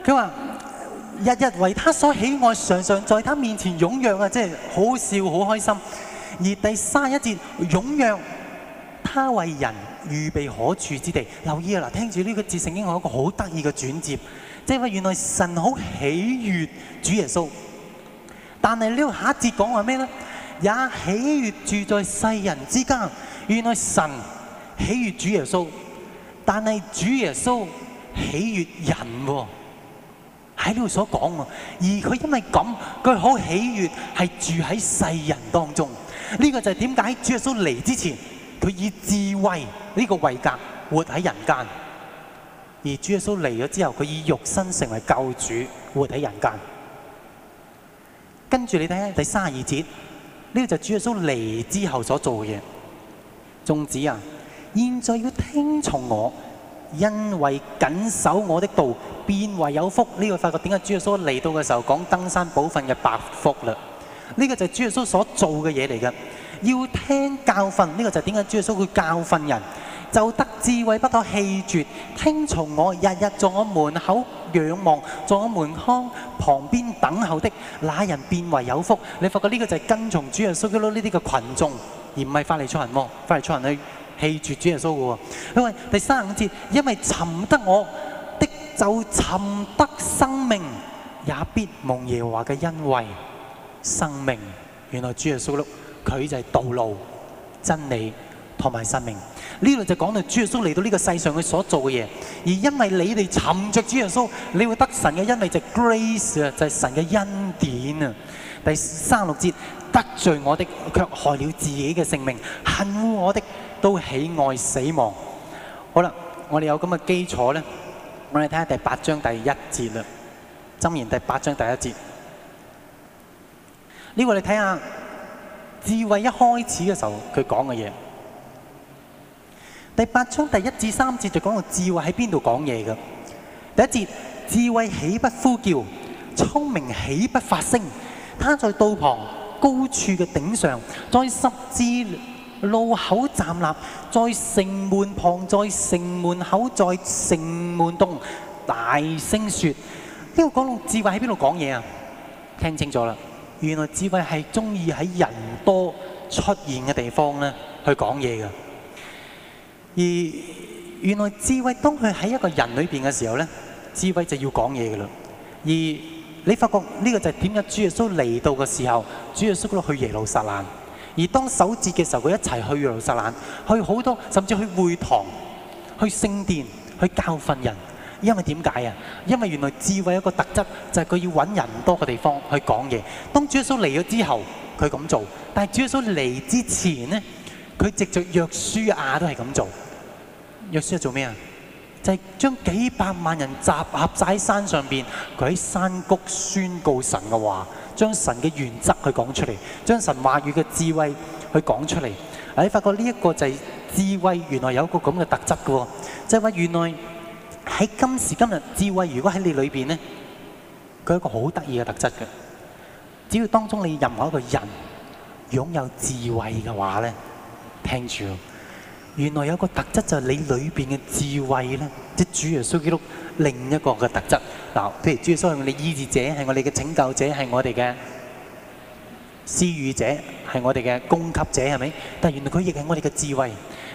佢話：日日為他所喜愛，常常在他面前踴躍啊！即係好笑，好開心。而第三一節，踴躍，他為人預備可住之地。留意啊，嗱，聽住呢個節，聖經有一個好得意嘅轉折，即係話原來神好喜悅主耶穌，但係呢個下一節講話咩咧？也喜悅住在世人之間。原來神喜悅主耶穌，但係主耶穌喜悅人喎，哦。喺呢度所講喎，而佢因為咁，佢好喜悅係住喺世人當中。呢個就係點解主耶穌嚟之前，佢以智慧呢個位格活喺人間；而主耶穌嚟咗之後，佢以肉身成為救主活喺人間。跟住你睇下第三十二節，呢、這個就是主耶穌嚟之後所做嘅嘢。眾子啊，現在要聽從我，因為謹守我的道，便為有福。呢、這、會、個、發覺點解主耶穌嚟到嘅時候講登山寶訓嘅百福嘞？呢個就係主耶穌所做嘅嘢嚟嘅，要聽教訓。呢、這個就係點解主耶穌會教訓人，就得智慧不可棄絕，聽從我，日日在我門口仰望，在我門框旁邊等候的那人，變為有福。你發覺呢個就係跟從主耶穌嘅呢啲嘅群眾，而唔係法利賽人喎，法利賽人去棄絕主耶穌嘅喎。因為第三五節，因為尋得我的就尋得生命，也必蒙耶和華嘅恩惠。生命，原來主耶穌佢就係道路、真理同埋生命。呢度就講到主耶穌嚟到呢個世上佢所做嘅嘢，而因為你哋尋着主耶穌，你會得神嘅恩惠就 grace 啊，就係神嘅恩典啊。第三六節，得罪我的卻害了自己嘅性命，恨我的都喜愛死亡。好啦，我哋有咁嘅基礎咧，我哋睇下第八章第一節啦。箴言第八章第一節。呢個你睇下，智慧一開始嘅時候，佢講嘅嘢。第八章第一至三節就講到智慧喺邊度講嘢嘅。第一節，智慧豈不呼叫，聰明豈不發聲。他在道旁高處嘅頂上，在十字路口站立，在城門旁，在城門口，在城門口，在城門洞，大聲説：呢、這個講到智慧喺邊度講嘢啊？聽清楚啦！原來智慧係鍾意喺人多出現嘅地方呢去講嘢嘅，而原來智慧當佢喺一個人裏面嘅時候呢，智慧就要講嘢嘅啦。而你發覺呢、呢個就係點解主耶穌嚟到嘅時候，主耶穌去耶路撒冷，而當守節嘅時候佢一齊去耶路撒冷，去好多甚至去會堂、去聖殿去教訓人。因為點解啊？因為原來智慧有一個特質就係、是、佢要揾人多嘅地方去講嘢。當主耶穌嚟咗之後，佢咁做；但係主耶穌嚟之前呢，佢直接約書亞都係咁做。約書亞做咩啊？就係、是、將幾百萬人集合在山上邊，佢喺山谷宣告神嘅話，將神嘅原則去講出嚟，將神話語嘅智慧去講出嚟。你發覺呢一個就係智慧，原來有個咁嘅特質嘅就喎，即係話原來。喺今時今日，智慧如果喺你裏邊咧，佢一個好得意嘅特質嘅。只要當中你任何一個人擁有智慧嘅話咧，聽住，原來有一個特質就係你裏邊嘅智慧咧。即係主耶穌基督另一個嘅特質。嗱，譬如主耶穌係我哋醫治者，係我哋嘅拯救者，係我哋嘅施予者，係我哋嘅供給者，係咪？但原來佢亦係我哋嘅智慧。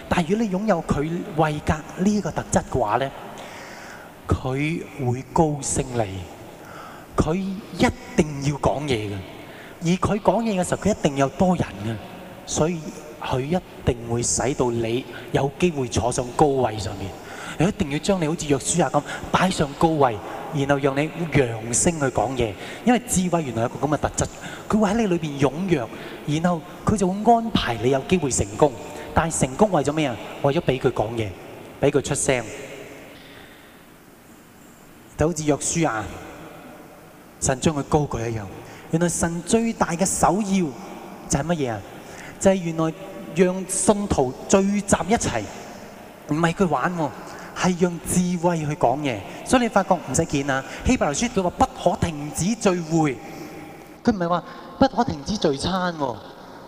但如果你擁有佢位格呢個特質嘅話咧，佢會高升你，佢一定要講嘢嘅，而佢講嘢嘅時候，佢一定有多人嘅，所以佢一定會使到你有機會坐上高位上面。佢一定要將你好似約書亞咁擺上高位，然後讓你揚聲去講嘢，因為智慧原來有個咁嘅特質，佢會喺你裏邊踴躍，然後佢就會安排你有機會成功。但係成功為咗咩啊？為咗俾佢講嘢，俾佢出聲。就好似約書亞，神將佢高舉一樣。原來神最大嘅首要就係乜嘢啊？就係、是、原來讓信徒聚集一齊，唔係佢玩，係讓智慧去講嘢。所以你發覺唔使見啊。希伯來書佢話不可停止聚會，佢唔係話不可停止聚餐，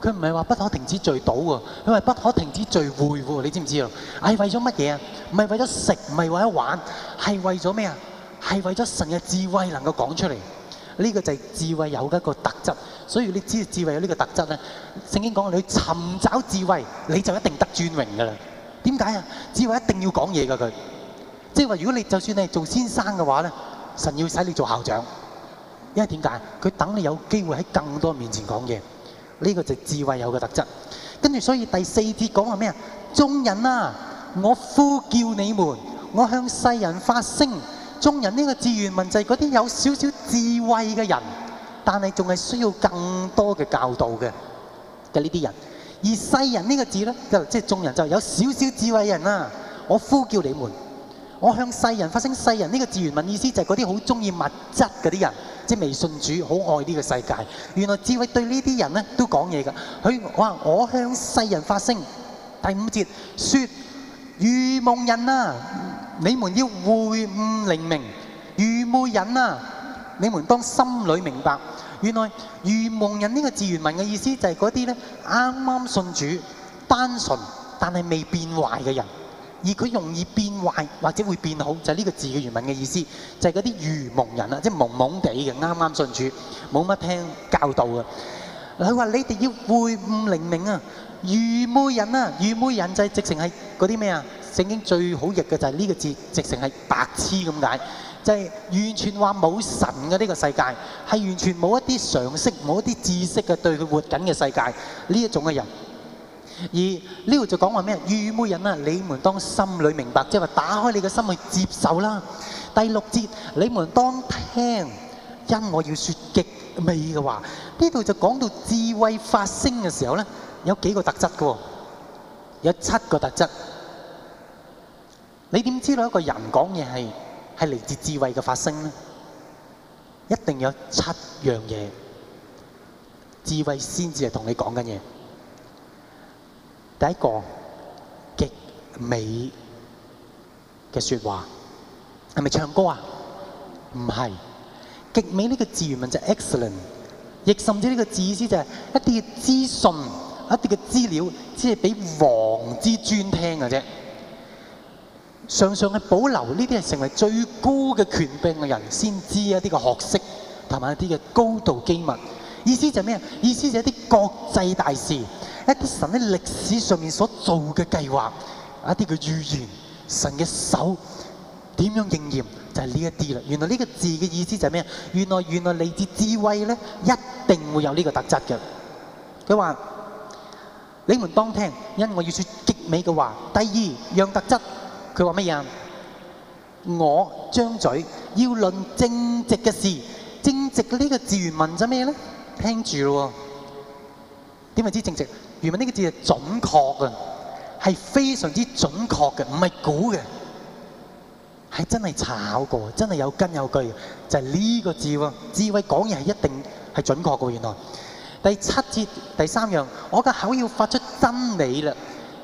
佢唔係話不可停止聚賭，佢話不，不，不，不可停止聚會。你知唔知啊？係、哎、為咗乜嘢啊？唔係為咗食，唔係為咗玩，係為咗咩啊？係為咗神嘅智慧能夠講出嚟，呢個就係智慧有嘅一個特質。所以你知道智慧有呢個特質咧，聖經講你尋找智慧，你就一定得尊榮嘅啦。點解啊？智慧一定要講嘢嘅佢，即係話如果你就算你係做先生嘅話咧，神要使你做校長，因為點解？佢等你有機會喺更多面前講嘢。呢個就智慧有嘅特質。跟住所以第四節講話咩啊？眾人啊，我呼叫你們，我向世人發聲。眾人呢個字原文就係嗰啲有少少智慧嘅人，但係仲係需要更多嘅教導嘅嘅呢啲人。而世人呢個字咧，就即係眾人就有少少智慧人啦、啊。我呼叫你們，我向世人發聲。世人呢個字原文意思就係嗰啲好中意物質嗰啲人，即係未信主，好愛呢個世界。原來智慧對呢啲人咧都講嘢噶。佢話我向世人發聲。第五節說。愚蒙人啊！你們要會悟靈明。愚昧人啊！你們當心裏明白。原來愚蒙人呢個字原文嘅意思就係嗰啲呢啱啱信主、單純但係未變壞嘅人，而佢容易變壞或者會變好，就係、是、呢個字嘅原文嘅意思，就係嗰啲愚蒙人啊，即係懵懵地嘅啱啱信主，冇乜聽教導啊。佢話你哋要會悟靈明啊！愚昧人啊！愚昧人就直情係嗰啲咩啊？聖經最好譯嘅就係呢個字，直情係白痴咁解，就係完全話冇神嘅呢個世界係完全冇一啲常識，冇一啲知識嘅對佢活緊嘅世界呢一種嘅人。而呢度就講話咩？愚昧人啊！你們當心裏明白，即係話打開你嘅心去接受啦。第六節，你們當聽，因我要説極美嘅話。呢度就講到智慧發聲嘅時候咧。有幾個特質㗎喎，有七個特質。你點知道一個人講嘢係係嚟自智慧嘅發聲呢？一定有七樣嘢，智慧先至係同你講緊嘢。第一個極美嘅說話係咪唱歌啊？唔係，極美呢個字原文就 excellent，亦甚至呢個字意思就係一啲資訊。一啲嘅資料只係俾王之專聽嘅啫，常常去保留呢啲係成為最高嘅權柄嘅人先知一啲嘅學識同埋一啲嘅高度機密。意思就係咩？意思就係啲國際大事，一啲神喺歷史上面所做嘅計劃，一啲嘅預言，神嘅手點樣應驗就係呢一啲啦。原來呢個字嘅意思就係咩？原來原來嚟自智慧咧，一定會有呢個特質嘅。佢話。你們當聽，因我要說極美嘅話。第二，楊德質，佢話乜嘢？我張嘴要論正直嘅事。正直呢個字，原文就咩咧？聽住咯喎。點為之正直？原文呢個字係準確嘅，係非常之準確嘅，唔係估嘅，係真係查考過，真係有根有據就係、是、呢個字喎。智慧講嘢係一定係準確嘅，原來。第七節第三樣，我嘅口要發出真理喇。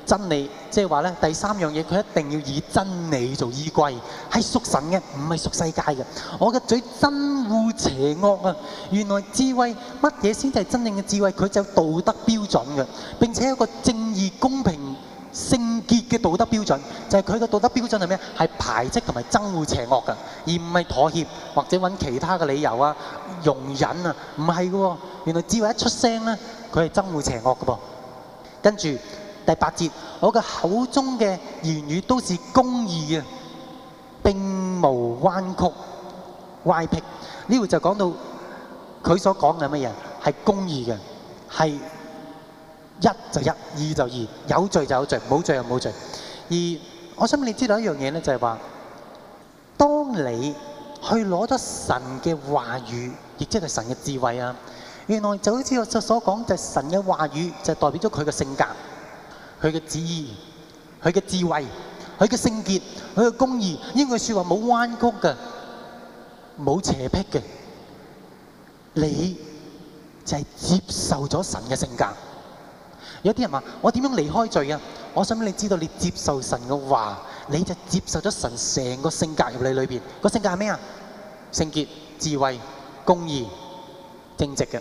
真理即係話呢，第三樣嘢，佢一定要以真理做依歸，係屬神嘅，唔係屬世界嘅。我嘅嘴憎惡邪惡啊！原來智慧乜嘢先至係真正嘅智慧？佢就有道德標準嘅。並且有個正義、公平、聖潔嘅道德標準，就係佢嘅道德標準係咩？係排斥同埋憎惡邪惡嘅，而唔係妥協或者揾其他嘅理由啊、容忍啊，唔係喎。原來智慧一出聲咧，佢係憎惡邪惡嘅噃。跟住第八節，我嘅口中嘅言語都是公義嘅，並無彎曲歪僻。呢度就講到佢所講嘅係乜嘢？係公義嘅，係一就一，二就二，有罪就有罪，冇罪就冇罪。而我想你知道一樣嘢咧，就係話，當你去攞咗神嘅話語，亦即係神嘅智慧啊。原來就好似我所講，就係，神嘅話語就係，代表咗佢嘅性格，佢嘅旨意，佢嘅智慧，佢嘅聖潔，佢嘅公義。呢句說話冇彎曲嘅，冇邪僻嘅。你就係接受咗神嘅性格。有啲人話：我點樣離開罪啊？我想你知道，你接受神嘅話，你就接受咗神成個性格入你裏邊。個性格係咩啊？聖潔，智慧，公義，正直嘅。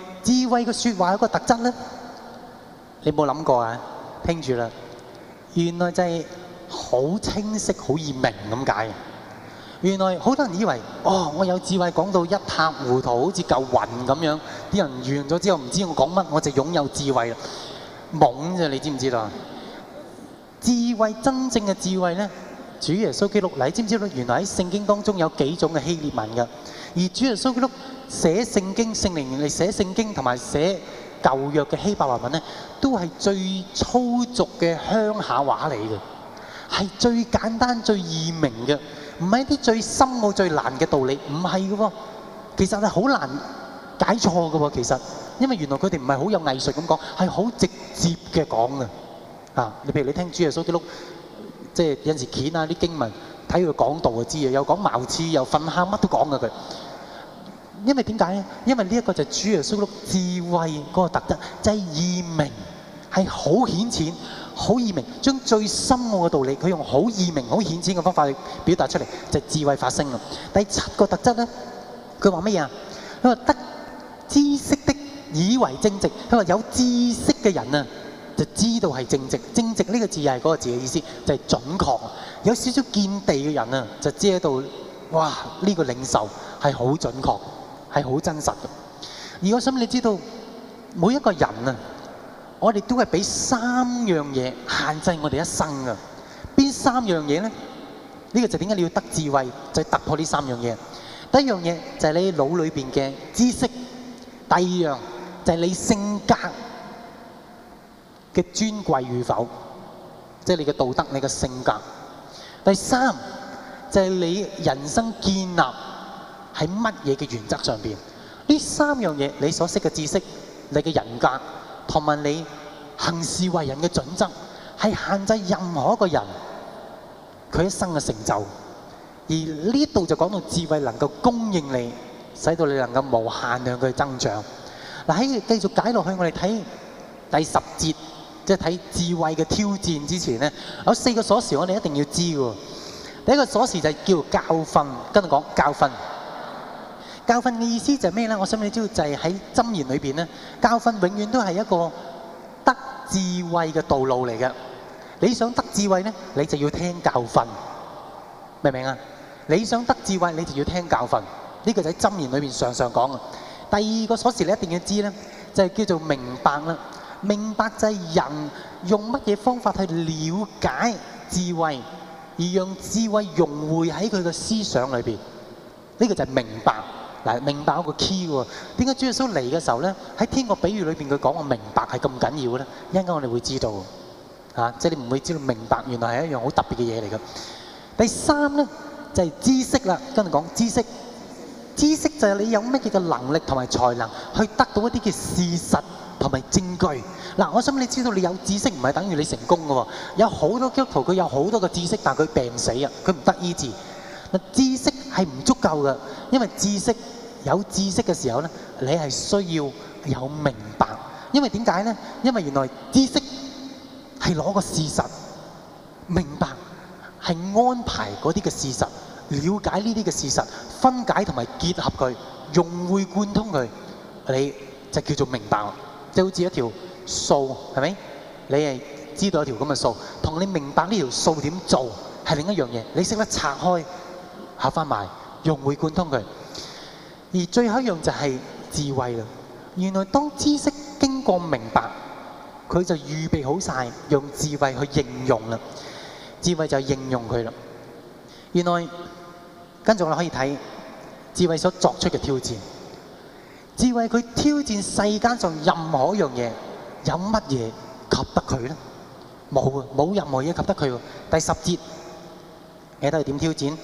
智慧嘅說話有個特質咧，你冇諗過啊？聽住啦，原來就係好清晰、好易明咁解嘅。原來好多人以為哦，我有智慧講到一塌糊塗，好似嚿雲咁樣，啲人完咗之後唔知我講乜，我就擁有智慧啦，懵咋？你知唔知道啊？智慧真正嘅智慧咧，主耶穌基督你知唔知道？原來喺聖經當中有幾種嘅希臘文嘅，而主耶穌基督。寫聖經、聖靈原嚟寫聖經同埋寫舊約嘅希伯來文咧，都係最粗俗嘅鄉下話嚟嘅，係最簡單、最易明嘅，唔係一啲最深奧、最難嘅道理，唔係嘅喎。其實你好難解錯嘅喎。其實，因為原來佢哋唔係好有藝術咁講，係好直接嘅講啊。啊，你譬如你聽主耶穌啲碌，即係有陣時卷啊啲經文，睇佢講道就知啊。有講茅廁，有訓喊，乜都講嘅佢。因為點解呢？因為呢一個就係主耶穌智慧嗰個特質，就係易明，係好顯淺、好易明，將最深奧嘅道理，佢用好易明、好顯淺嘅方法去表達出嚟，就係智慧發聲啦。第七個特質呢，佢話乜嘢啊？佢話得知識的以為正直。佢話有知識嘅人啊，就知道係正直。正直呢個字又係嗰個字嘅意思，就係準確。有少少見地嘅人啊，就知道。哇！呢個領袖係好準確。係好真實嘅，而我想你知道每一個人啊，我哋都係俾三樣嘢限制我哋一生嘅。邊三樣嘢咧？呢個就點解你要得智慧，就係突破呢三樣嘢。第一樣嘢就係你腦裏邊嘅知識；第二樣就係你性格嘅尊貴與否，即係你嘅道德、你嘅性格；第三就係你人生建立。喺乜嘢嘅原則上邊？呢三樣嘢，你所識嘅知識、你嘅人格同埋你行事為人嘅準則，係限制任何一個人佢一生嘅成就。而呢度就講到智慧能夠供應你，使到你能夠無限量嘅增長。嗱，喺繼續解落去，我哋睇第十節，即係睇智慧嘅挑戰之前咧，有四個鎖匙，我哋一定要知嘅。第一個鎖匙就係叫教訓，跟住講教訓。教訓嘅意思就係咩呢？我想你知道就係喺箴言裏面呢。呢教訓永遠都係一個得智慧嘅道路嚟嘅。你想得智慧呢，你就要聽教訓，明唔明啊？你想得智慧，你就要聽教訓。呢、這個喺箴言裏面常常講嘅。第二個鎖匙你一定要知呢，就係、是、叫做明白啦。明白就係人用乜嘢方法去了解智慧，而讓智慧融匯喺佢嘅思想裏面。呢、這個就係明白。明白個 key 喎，點解主耶穌嚟嘅時候呢？喺天嘅比喻裏面，佢講我明白係咁緊要咧？因我哋會、啊、會知道，嚇，即係你唔會知道明白原來係一樣好特別嘅嘢嚟。第三呢，就係、是、知識啦，跟住講知識，知識就係你有咩叫做能力同埋才能去得到一啲嘅事實同埋證據。嗱、啊，我想你知道你有知識唔係等於你成功嘅喎，有好多基督徒佢有好多嘅知識，但係佢病死他不啊，佢唔得醫治。知識係唔足夠嘅，因為知識。有知識嘅時候呢，你係需要有明白，因為點解呢？因為原來知識係攞個事實，明白係安排嗰啲嘅事實，了解呢啲嘅事實，分解同埋結合佢，融會貫通佢，你就叫做明白。就係好似一條數，係咪？你係知道一條咁嘅數，同你明白呢條數點做係另一樣嘢。你識得拆開，合翻埋，融會貫通佢。而最後一樣就係智慧了。原來當知識經過明白，佢就預備好曬用智慧去應用，智慧就應用佢。原來跟住我們可以睇智慧所作出嘅挑戰。智慧佢挑戰世界上任何一樣嘢，有乜嘢及得佢咧？冇啊，冇任何嘢及得佢。第十節，你睇佢點挑戰。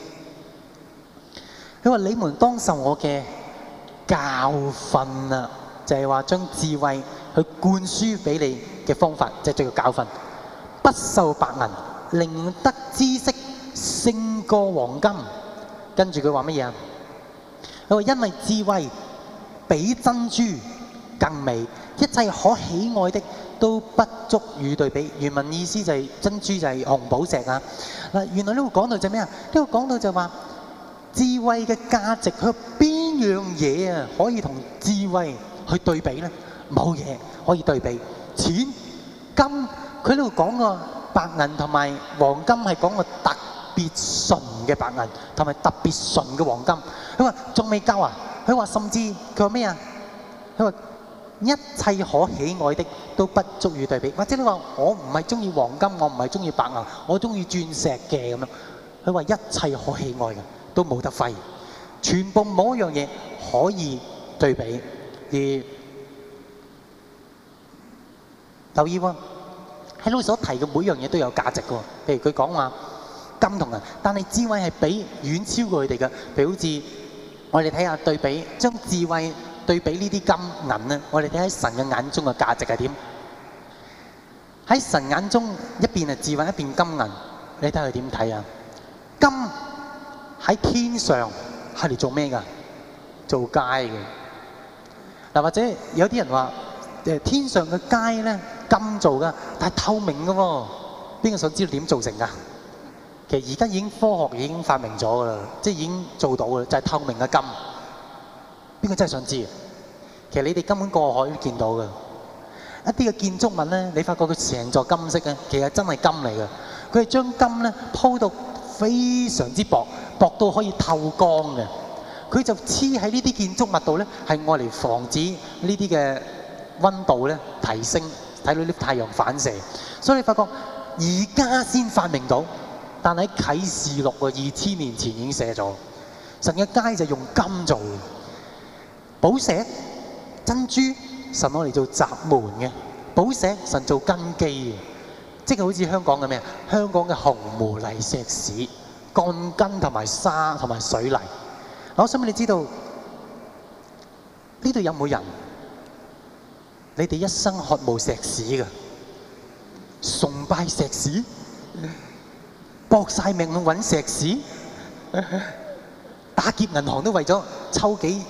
佢話：你們當受我嘅。教訓啊，就係話將智慧去灌輸俾你嘅方法，即係叫教訓。不受白銀，寧得知識勝過黃金。跟住佢話乜嘢啊？佢話因為智慧比珍珠更美，一切可喜愛的都不足與對比。原文意思就係珍珠就係紅寶石啊。嗱，原來呢個講到就咩啊？呢個講到就話智慧嘅價值去邊？樣嘢啊，可以同智慧去對比咧，冇嘢可以對比。錢金，佢喺度講個白銀同埋黃金係講個特別純嘅白銀同埋特別純嘅黃金。佢話仲未交啊？佢話甚至佢話咩啊？佢話一切可喜愛的都不足以對比。或者你話我唔係中意黃金，我唔係中意白銀，我中意鑽石嘅咁樣。佢話一切可喜愛嘅都冇得揮。全部冇一樣嘢，可以對比，留意喎，喺度所提嘅每樣嘢都有價值嘅。譬如佢講話金同銀，但係智慧係比遠超過佢哋嘅。譬如好似我哋睇下對比，將智慧對比呢啲金銀啊，我哋睇下神嘅眼中嘅價值係點？喺神眼中，一邊係智慧，一邊金銀，你睇下佢點睇啊？金喺天上，係嚟做咩噶？做街嘅，或者有啲人話天上嘅街呢，金做噶，但係透明噶喎、哦，邊個想知點做成噶？其實而家已經科學已經發明咗噶啦，即已經做到噶，就係、是、透明嘅金。邊個真係想知道？其實你哋根本過海都見到噶，一啲嘅建築物呢，你發覺佢成座金色嘅，其實真係金嚟噶。佢係將金呢鋪到非常之薄。薄到可以透光嘅，佢就黐喺呢啲建築物度咧，係愛嚟防止呢啲溫呢啲嘅溫度咧提升，睇到啲太陽反射。所以你發覺而家先發明到，但喺《啟示錄》個二千年前已經寫咗。神嘅街就用金做，寶石、珍珠，神攞嚟做閘門嘅；寶石，神做根基嘅，即係好似香港嘅咩啊？香港嘅紅毛泥石屎。鋼筋同埋沙同埋水泥，我想問你知道呢度有冇人？你哋一生渴慕石屎嘅，崇拜石屎，搏晒命去搵石屎，打劫銀行都為咗抽幾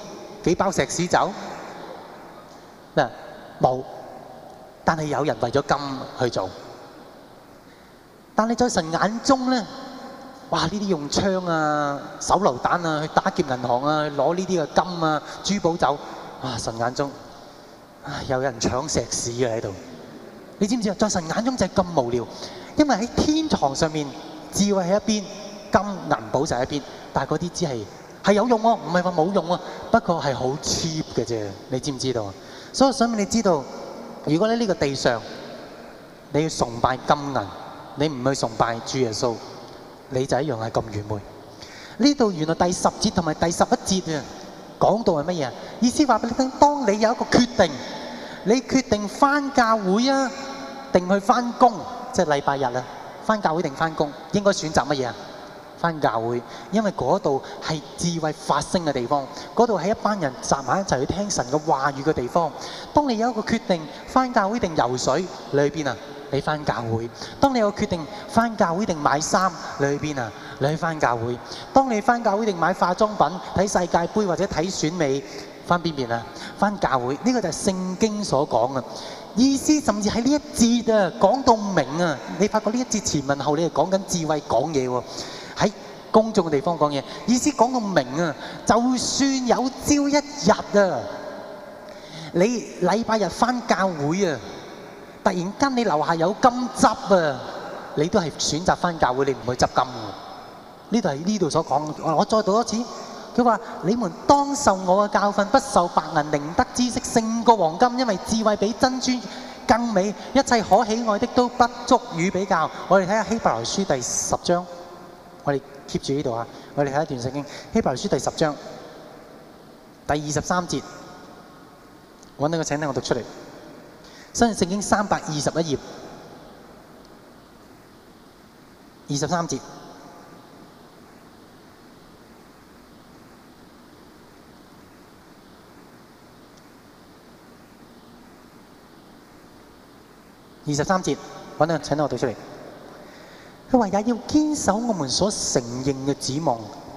幾包石屎走。嗱，冇，但係有人為咗金去做，但係在神眼中呢。哇！呢啲用槍啊、手榴彈啊去打劫銀行啊，攞呢啲嘅金啊、珠寶走。啊，神眼中，有人搶石屎嘅喺度。你知唔知啊？在神眼中就係咁無聊，因為喺天堂上面，智慧喺一邊，金銀寶石喺一邊，但係嗰啲只係係有用喎，唔係話冇用喎。不過係好 cheap 嘅啫，你知唔知道？所以我想俾你知道，如果喺呢個地上，你要崇拜金銀，你唔去崇拜主耶穌。你就一樣係咁愚昧。呢度原來第十節同埋第十一節啊，講到係乜嘢？意思話俾你聽，當你有一個決定，你決定翻教會啊，定去翻工？即係禮拜日啊，翻教會定翻工？應該選擇乜嘢啊？翻教會，因為嗰度係智慧發聲嘅地方，嗰度係一班人集埋一齊去聽神嘅話語嘅地方。當你有一個決定，翻教會定游水，你去邊啊？你返教會，當你有決定返教會定買衫，你去邊啊？你去返教會。當你返教會定買化妝品、睇世界盃或者睇選美，返邊邊啊？返教會。呢個就係聖經所講嘅意思，甚至喺呢一節啊，講到明啊。你發覺呢一節前文後，你係講緊智慧講嘢喎。喺公眾嘅地方講嘢，意思講到明啊。就算有朝一日啊，你禮拜日返教會啊。突然間，你樓下有金執啊！你都係選擇返教會，你唔會執金。呢度係呢度所講。我再讀多次。佢話：你們當受我嘅教訓，不受白銀，寧得知識勝過黃金，因為智慧比珍珠更美，一切可喜愛的都不足與比較。我哋睇下希伯來書第十章，我哋 keep 住呢度啊！我哋睇一段聖經。希伯來書第十章第二十三節，揾到個，請聽，我讀出嚟。新聖經三百二十一頁，二十三節，二十三節，揾啊，請等我讀出嚟。佢話也要堅守我們所承認嘅指望。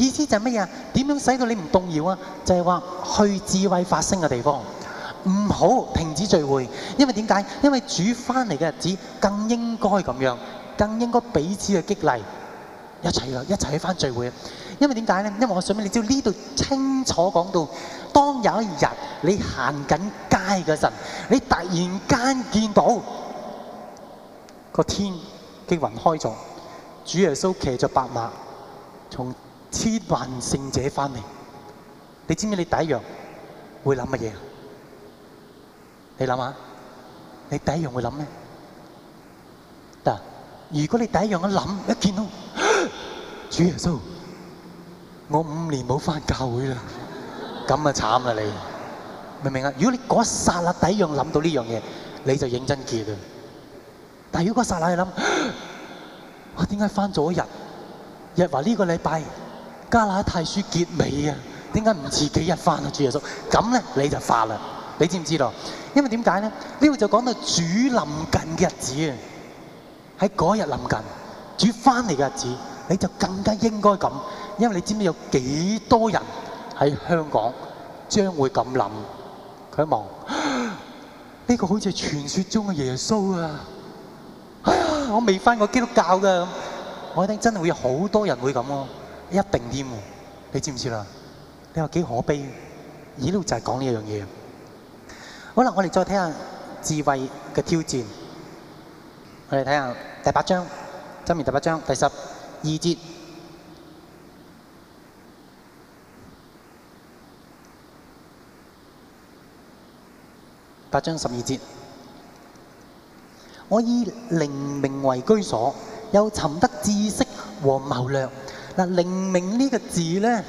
意思就係乜嘢？點樣使到你唔動搖啊？就係話去智慧發生嘅地方，唔好停止聚會。因為點解？因為主翻嚟嘅日子更應該咁樣，更應該彼此嘅激勵，一齊啦，一齊去翻聚會。因為點解咧？因為我想俾你知道呢度清楚講到，當有一日你行緊街嗰陣，你突然間見到個天嘅雲開咗，主耶穌騎着白馬從千萬聖者翻嚟，你知唔知你第一樣會諗乜嘢？你諗下，你第一樣會諗咩？嗱，如果你第一樣一諗一見到，主耶穌，我五年冇翻教會啦，咁啊慘啦你，明唔明啊？如果你嗰一剎那第一樣諗到呢樣嘢，你就認真結啊！但係如果一剎那你諗，我點解翻咗一日？日話呢個禮拜。加拉太書結尾啊，點解唔遲幾日返啊？主耶穌咁你就發啦，你知唔知道？因為點解呢呢度就講到主臨近嘅日子啊，喺嗰日臨近，主返嚟嘅日子，你就更加應該咁因為你知唔知有幾多人喺香港將會咁諗？佢一望呢、啊呢個好似傳說中嘅耶穌啊！哎、啊、呀，我未翻過基督教㗎，我定真係會有好多人會咁喎、啊。一定添，你知唔知啦？你話幾可悲？咦，呢就係講呢一樣嘢。好啦，我哋再睇下智慧嘅挑戰。我哋睇下第八章，箴言，第八章第十二節。八章十二節，我以靈明為居所，又尋得知識和謀略。嗱，靈明呢個字咧，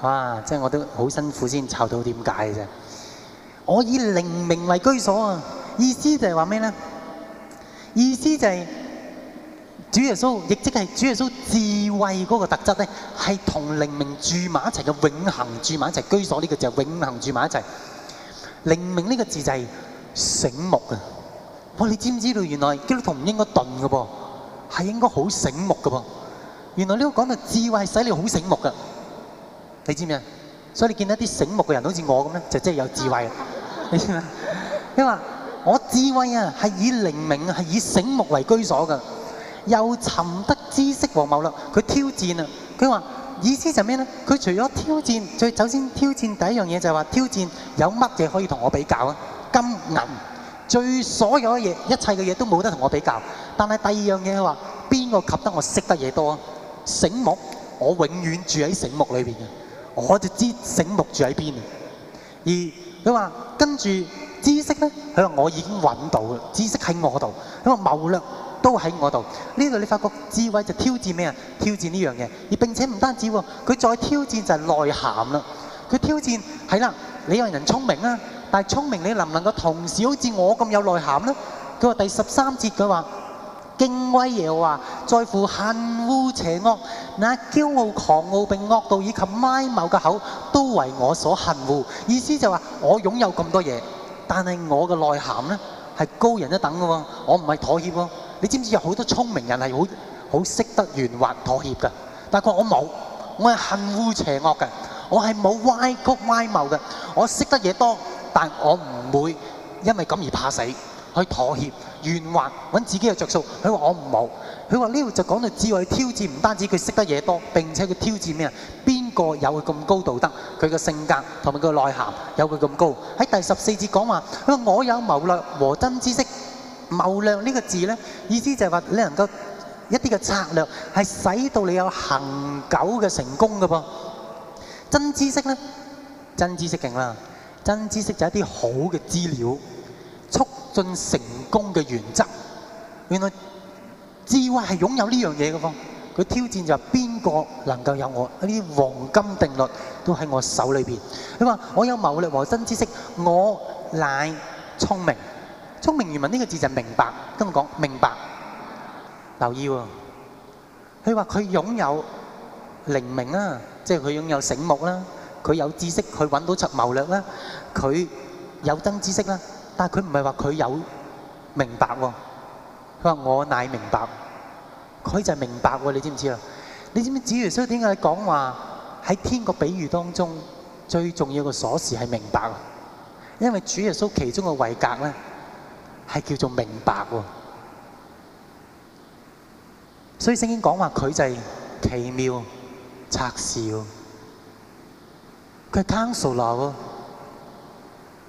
啊，即係我都好辛苦先湊到點解嘅啫。我以靈明為居所啊，意思就係話咩咧？意思就係主耶穌，亦即係主耶穌智慧嗰個特質咧，係同靈明住埋一齊嘅，永恒住埋一齊居所。呢個就係永恒住埋一齊。靈明呢個字就係醒目啊！喂，你知唔知道？原來基督徒唔應該鈍㗎噃，係應該好醒目㗎噃。原來呢個講到智慧是使你好醒目嘅，你知咩？所以你見到一啲醒目嘅人，好似我咁咧，就真係有智慧了。你知嘛？佢話：我智慧、啊、是係以靈明係以醒目為居所嘅，又尋得知識和謀略，佢挑戰啊佢話：意思就咩呢？佢除咗挑戰，最首先挑戰第一樣嘢就係話挑戰有乜嘢可以同我比較？金銀最所有嘅嘢，一切嘅嘢都冇得同我比較。但係第二樣嘢，佢話邊個及得我識得嘢多？醒目，我永遠住喺醒目裏邊嘅，我就知醒目住喺邊啊。而佢話：跟住知識咧，佢話我已經揾到啦，知識喺我度。佢話謀略都喺我度。呢度你發覺智慧就挑戰咩啊？挑戰呢樣嘢。而並且唔單止喎，佢再挑戰就係內涵啦。佢挑戰係啦，你有人聰明啊，但係聰明你能唔能夠同時好似我咁有內涵咧？佢話第十三節佢話。敬畏耶和華，在乎恨惡邪惡，那驕傲狂傲並惡道，以及歪謀嘅口，都為我所恨惡。意思就話，我擁有咁多嘢，但係我嘅內涵呢係高人一等嘅喎。我唔係妥協喎。你知唔知有好多聰明人係好好識得圓滑妥協嘅？但係我我冇，我係恨惡邪惡嘅，我係冇歪曲歪謀嘅。我識得嘢多，但我唔會因為咁而怕死。佢妥協圓滑，揾自己嘅著數。佢話我唔冇。佢話呢度就講到智慧挑戰，唔單止佢識得嘢多，並且佢挑戰咩啊？邊個有佢咁高道德？佢個性格同埋佢個內涵有佢咁高。喺第十四節講話，佢話我有謀略和真知識。謀略呢個字咧，意思就係話你能夠一啲嘅策略係使到你有恆久嘅成功嘅噃。真知識咧，真知識勁啦。真知識就係一啲好嘅資料。進成功嘅原則，原來智慧係擁有呢樣嘢嘅。佢挑戰就係邊個能夠有我呢啲黃金定律都喺我手裏邊。佢話我有謀略和真知識，我乃聰明。聰明原文呢個字就係明白，跟我講明白。留意，佢話佢擁有靈明啦，即係佢擁有醒目啦，佢有知識去搵到出謀略啦，佢有真知識啦。但係佢唔係話佢有明白，佢話我乃明白，佢就係明白喎，你知唔知啊？你知唔知主耶穌點解你講話喺天個比喻當中最重要個鎖匙係明白啊？因為主耶穌其中個位格咧，係叫做明白喎，所以聖經講話佢就係奇妙策士，佢係 counselor 啊！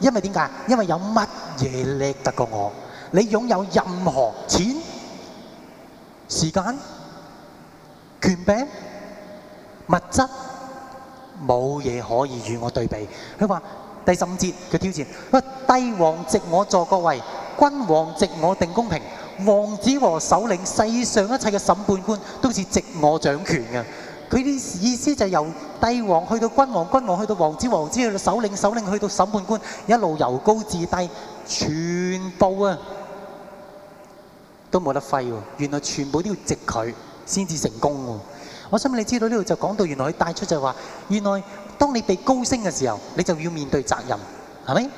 因為點解？因為有乜嘢叻得過我？你擁有任何錢、時間、權柄、物質，冇嘢可以與我對比。佢話：第十五節，佢挑戰，帝王值我坐國位，君王值我定公平，王子和首領，世上一切嘅審判官，都是值我掌權嘅。佢啲意思就是由帝王去到君王，君王去到王子，王子去到首領，首領去到審判官，一路由高至低，全部啊都冇得廢，原來全部都要直佢先至成功喎。我想你知道呢度就講到原來佢帶出就話，是，原來當你被高升嘅時候，你就要面對責任，係咪？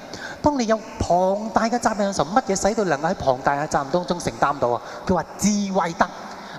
當你有龐大嘅責任嘅時候，乜嘢使到能夠喺龐大嘅責任當中承擔到啊？佢話智慧得。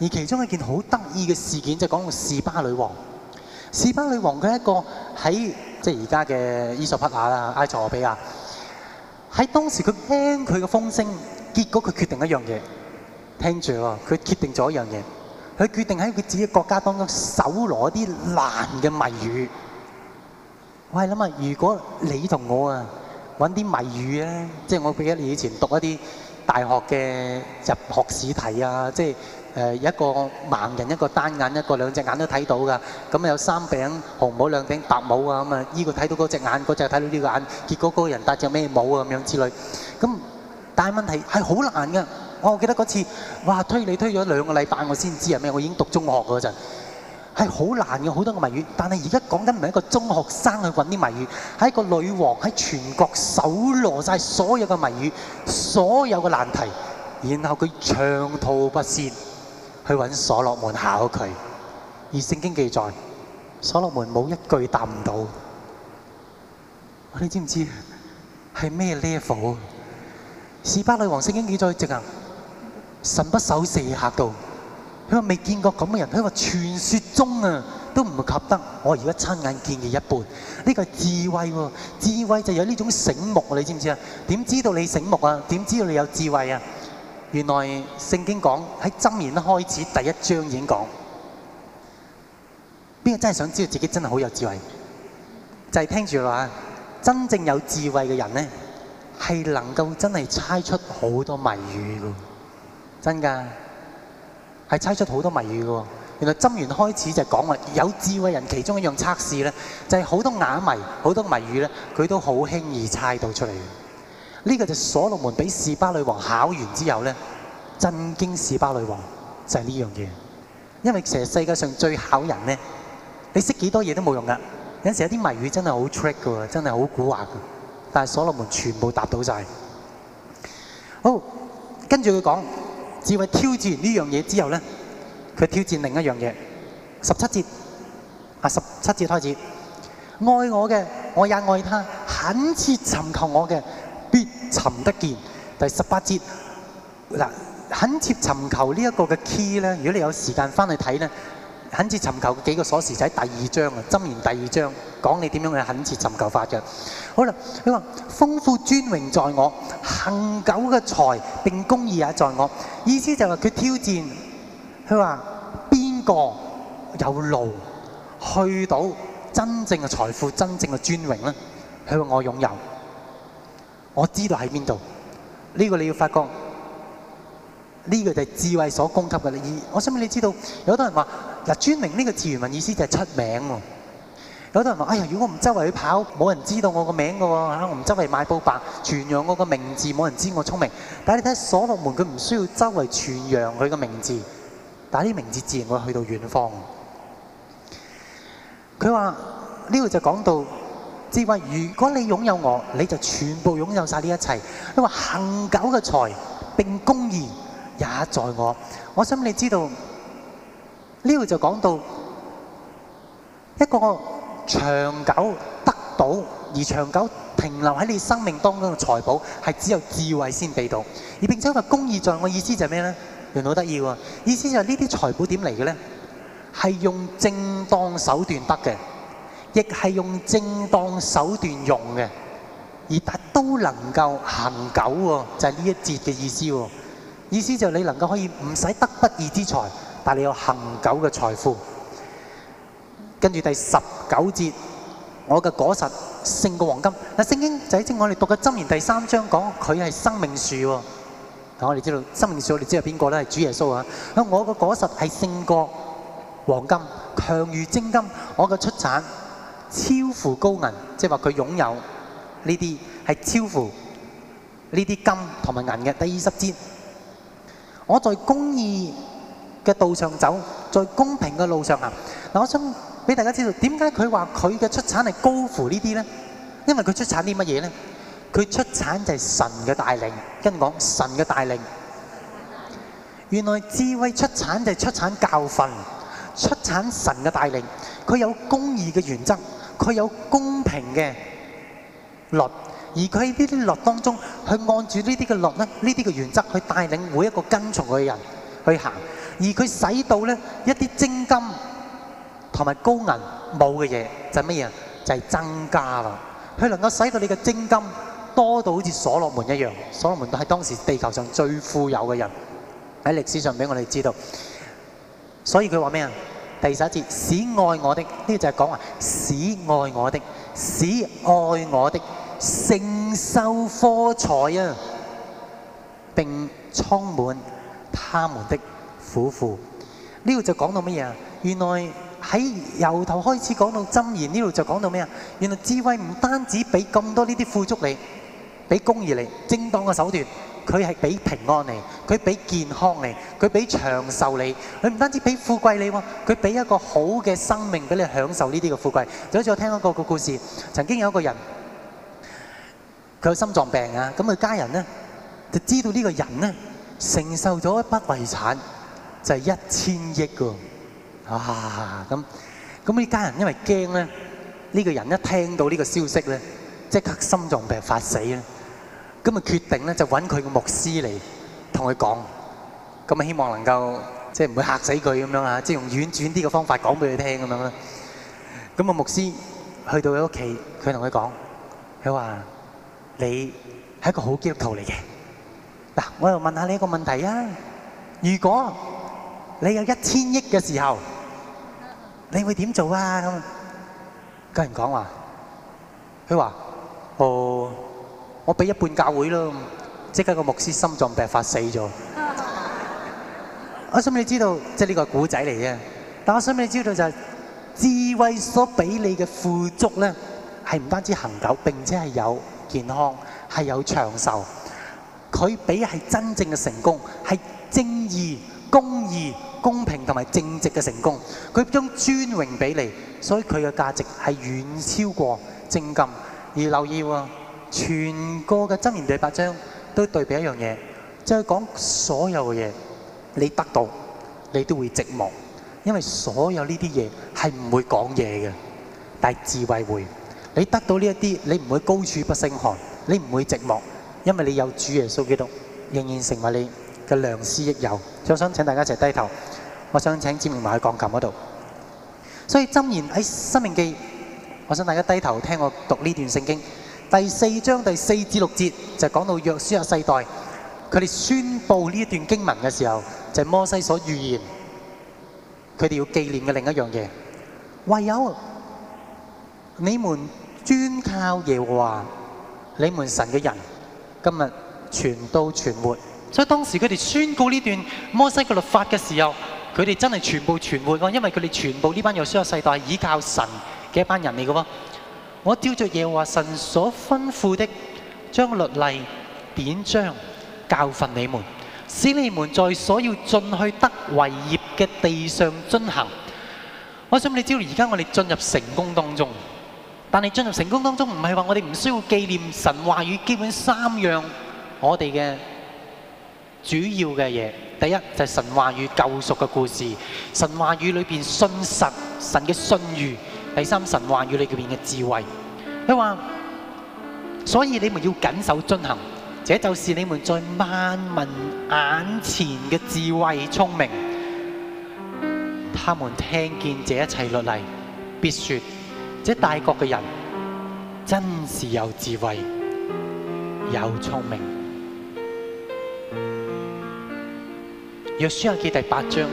而其中一件好得意嘅事件，就講到士巴女王。士巴女王佢係一個喺即係而家嘅伊索匹亞啦，就是 e so、ar, 埃塞俄比亞。喺當時佢聽佢嘅風聲，結果佢決定一樣嘢。聽住喎，佢決定咗一樣嘢。佢決定喺佢自己嘅國家當中搜羅啲難嘅謎語。我係諗下，如果你同我啊揾啲謎語咧，即係我記得你以前讀一啲大學嘅入學試題啊，即係。誒一個盲人，一個單眼，一個兩隻眼都睇到㗎。咁啊，有三頂紅帽，兩頂白帽啊。咁啊，依個睇到嗰隻眼，嗰隻睇到呢個眼。結果嗰個人戴隻咩帽啊？咁樣之類。咁但係問題係好難㗎。我記得嗰次，哇，推理推咗兩個禮拜，我先知係咩？我已經讀中學嗰陣係好難嘅好多個謎語。但係而家講緊唔係一個中學生去揾啲謎語，係一個女王喺全國搜羅晒所有嘅謎語，所有嘅難題，然後佢長途不絕。去揾所羅門考佢，而聖經記載所羅門冇一句答唔到。你知唔知係咩 level？示巴女王聖經記載，直行神不守舍吓到，佢話未見過咁嘅人，佢話傳說中啊都唔及得，我而家親眼見嘅一半。呢、這個係智慧，啊，智慧就是有呢種醒目，你知唔知啊？點知道你醒目啊？點知道你有智慧啊？原來聖經講喺箴言開始第一章已經講，邊個真係想知道自己真係好有智慧，就係聽住話，真正有智慧嘅人呢，係能夠真係猜出好多謎語嘅。真噶，係猜出好多謎語嘅。原來箴言開始就講話，有智慧人其中一樣測試咧，就係好多啞謎、好多謎語咧，佢都好輕易猜到出嚟。呢個就係所羅門俾示巴女王考完之後咧，震驚示巴女王就係呢樣嘢，因為其實世界上最考人咧，你識幾多嘢都冇用噶。有陣時有啲謎語真係好 trick 嘅，真係好古惑嘅。但係所羅門全部答到晒。好，跟住佢講，智慧挑戰完呢樣嘢之後咧，佢挑戰另一樣嘢，十七節啊，十七節開始，愛我嘅我也愛他，懇切尋求我嘅，尋得見第十八節嗱，懇切尋求呢一個嘅 key 咧。如果你有時間翻去睇咧，懇切尋求幾個鎖匙仔。第二章啊，箴言第二章講你點樣去懇切尋求法嘅。好啦，佢話豐富尊榮在我，恒久嘅財並公義也在我。意思就係話佢挑戰，佢話邊個有路去到真正嘅財富、真正嘅尊榮咧？向我擁有。我知道喺邊度，呢、這個你要發覺，呢、這個就係智慧所供給嘅。而我想問你知道，有好多人話嗱，專名呢個字原文意思就係出名。有好多人話：哎呀，如果唔周圍去跑，冇人知道我個名嘅。我唔周圍賣布白，傳揚我個名字，冇人知道我聰明。但係你睇所羅門，佢唔需要周圍傳揚佢個名字，但係啲名字自然會去到遠方。佢話呢個就講到。智慧，如果你擁有我，你就全部擁有曬呢一切。你話恒久嘅財並公義也在我。我想你知道呢度就講到一個長久得到而長久停留喺你生命當中嘅財寶，係只有智慧先俾到。而並且話公義在，我意思就係咩呢？原來好得意喎！意思就係呢啲、啊就是、財寶點嚟嘅呢？係用正當手段得嘅。亦係用正當手段用嘅，而但都能夠恆久喎，就係、是、呢一節嘅意思。意思就係你能夠可以唔使得不義之財，但你有恆久嘅財富。跟住第十九節，我嘅果實勝過黃金。嗱，《聖經》就喺正我哋讀嘅《箴言》第三章講佢係生命樹。但我哋知道生命樹，我哋知道邊個咧？係主耶穌啊。我嘅果實係勝過黃金，強如精金。我嘅出產。超乎高銀，即係話佢擁有呢啲係超乎呢啲金同埋銀嘅。第二十節。我在公義嘅道上走，在公平嘅路上行。嗱，我想俾大家知道點解佢話佢嘅出產係高乎呢啲咧？因為佢出產啲乜嘢咧？佢出產就係神嘅帶領，跟我講，神嘅帶領。原來智慧出產就係出產教訓，出產神嘅帶領。佢有公義嘅原則。佢有公平嘅律，而佢喺呢啲律當中，去按住呢啲嘅律咧，呢啲嘅原則去帶領每一個跟從佢嘅人去行，而佢使到咧一啲精金同埋高銀冇嘅嘢，就係乜嘢？就係增加啦。佢能夠使到你嘅精金多到好似所羅門一樣，所羅門都係當時地球上最富有嘅人，喺歷史上俾我哋知道。所以佢話咩啊？第十節，使愛我的呢個就係講話，使愛我的，使愛我的，盛收科彩啊，並充滿他們的苦父。呢個就講到乜嘢？原來喺由頭開始講到箴言呢度就講到乜嘢？原來智慧唔單止俾咁多呢啲富足你，俾公義嚟正當嘅手段。佢係俾平安你，佢俾健康你，佢俾長壽你，佢唔單止俾富貴你，佢俾一個好嘅生命俾你享受呢啲嘅富貴。就好似我聽過一個故事，曾經有一個人，佢有心臟病啊，咁佢家人呢就知道呢個人呢承受咗一筆遺產，就係一千億噶，哇！咁咁呢家人因為驚呢呢個人一聽到呢個消息呢，即刻心臟病發死咧。咁咪決定咧，就揾佢個牧師嚟同佢講，咁咪希望能夠即係唔會嚇死佢咁樣啊，即係用婉轉啲嘅方法講俾佢聽咁樣。咁啊，牧師去到佢屋企，佢同佢講，佢話：你係一個好基督徒嚟嘅。嗱，我又問下你一個問題啊，如果你有一千億嘅時候，你會點做啊？咁個人講話，佢話：我。我俾一半教會咯，即刻個牧師心臟病發死咗。我想俾你知道，即係呢個係故仔嚟啫。但我想俾你知道就係智慧所俾你嘅富足咧，係唔單止恆久，並且係有健康，係有長壽。佢俾係真正嘅成功，係正義、公義、公平同埋正直嘅成功。佢將尊榮俾你，所以佢嘅價值係遠超過精金。而留意喎。全個嘅箴言第八章都對比一樣嘢，就係講所有嘅嘢，你得到你都會寂寞，因為所有呢啲嘢係唔會講嘢嘅，但係智慧會。你得到呢一啲，你唔會高處不勝寒，你唔會寂寞，因為你有主耶穌基督仍然成為你嘅良師益友。就想請大家一齊低頭，我想請志明埋去鋼琴嗰度。所以箴言喺生命記，我想大家低頭聽我讀呢段聖經。第四章第四至六節就講、是、到約書亞世代，佢哋宣布呢一段經文嘅時候，就是、摩西所預言，佢哋要紀念嘅另一樣嘢，唯有你們專靠耶和華你們神嘅人，今日全都存活。所以當時佢哋宣告呢段摩西嘅律法嘅時候，佢哋真係全部存活、啊，因為佢哋全部呢班約書亞世代依靠神嘅一班人嚟、啊、嘅。我照著耶和華神所吩咐的，將律例、典章、教訓你們，使你們在所要進去得為業嘅地上遵行。我想你知道，而家我哋進入成功當中，但係進入成功當中唔係話我哋唔需要紀念神話語，基本三樣我哋嘅主要嘅嘢，第一就係神話語救贖嘅故事，神話語裏邊信實神，神嘅信譽。第三，神話語裏邊嘅智慧，佢話，所以你們要謹守遵行，這就是你們在萬民眼前嘅智慧聰明。他們聽見這一切律例，必說，這大國嘅人真是有智慧，有聰明。約書亞記第八章。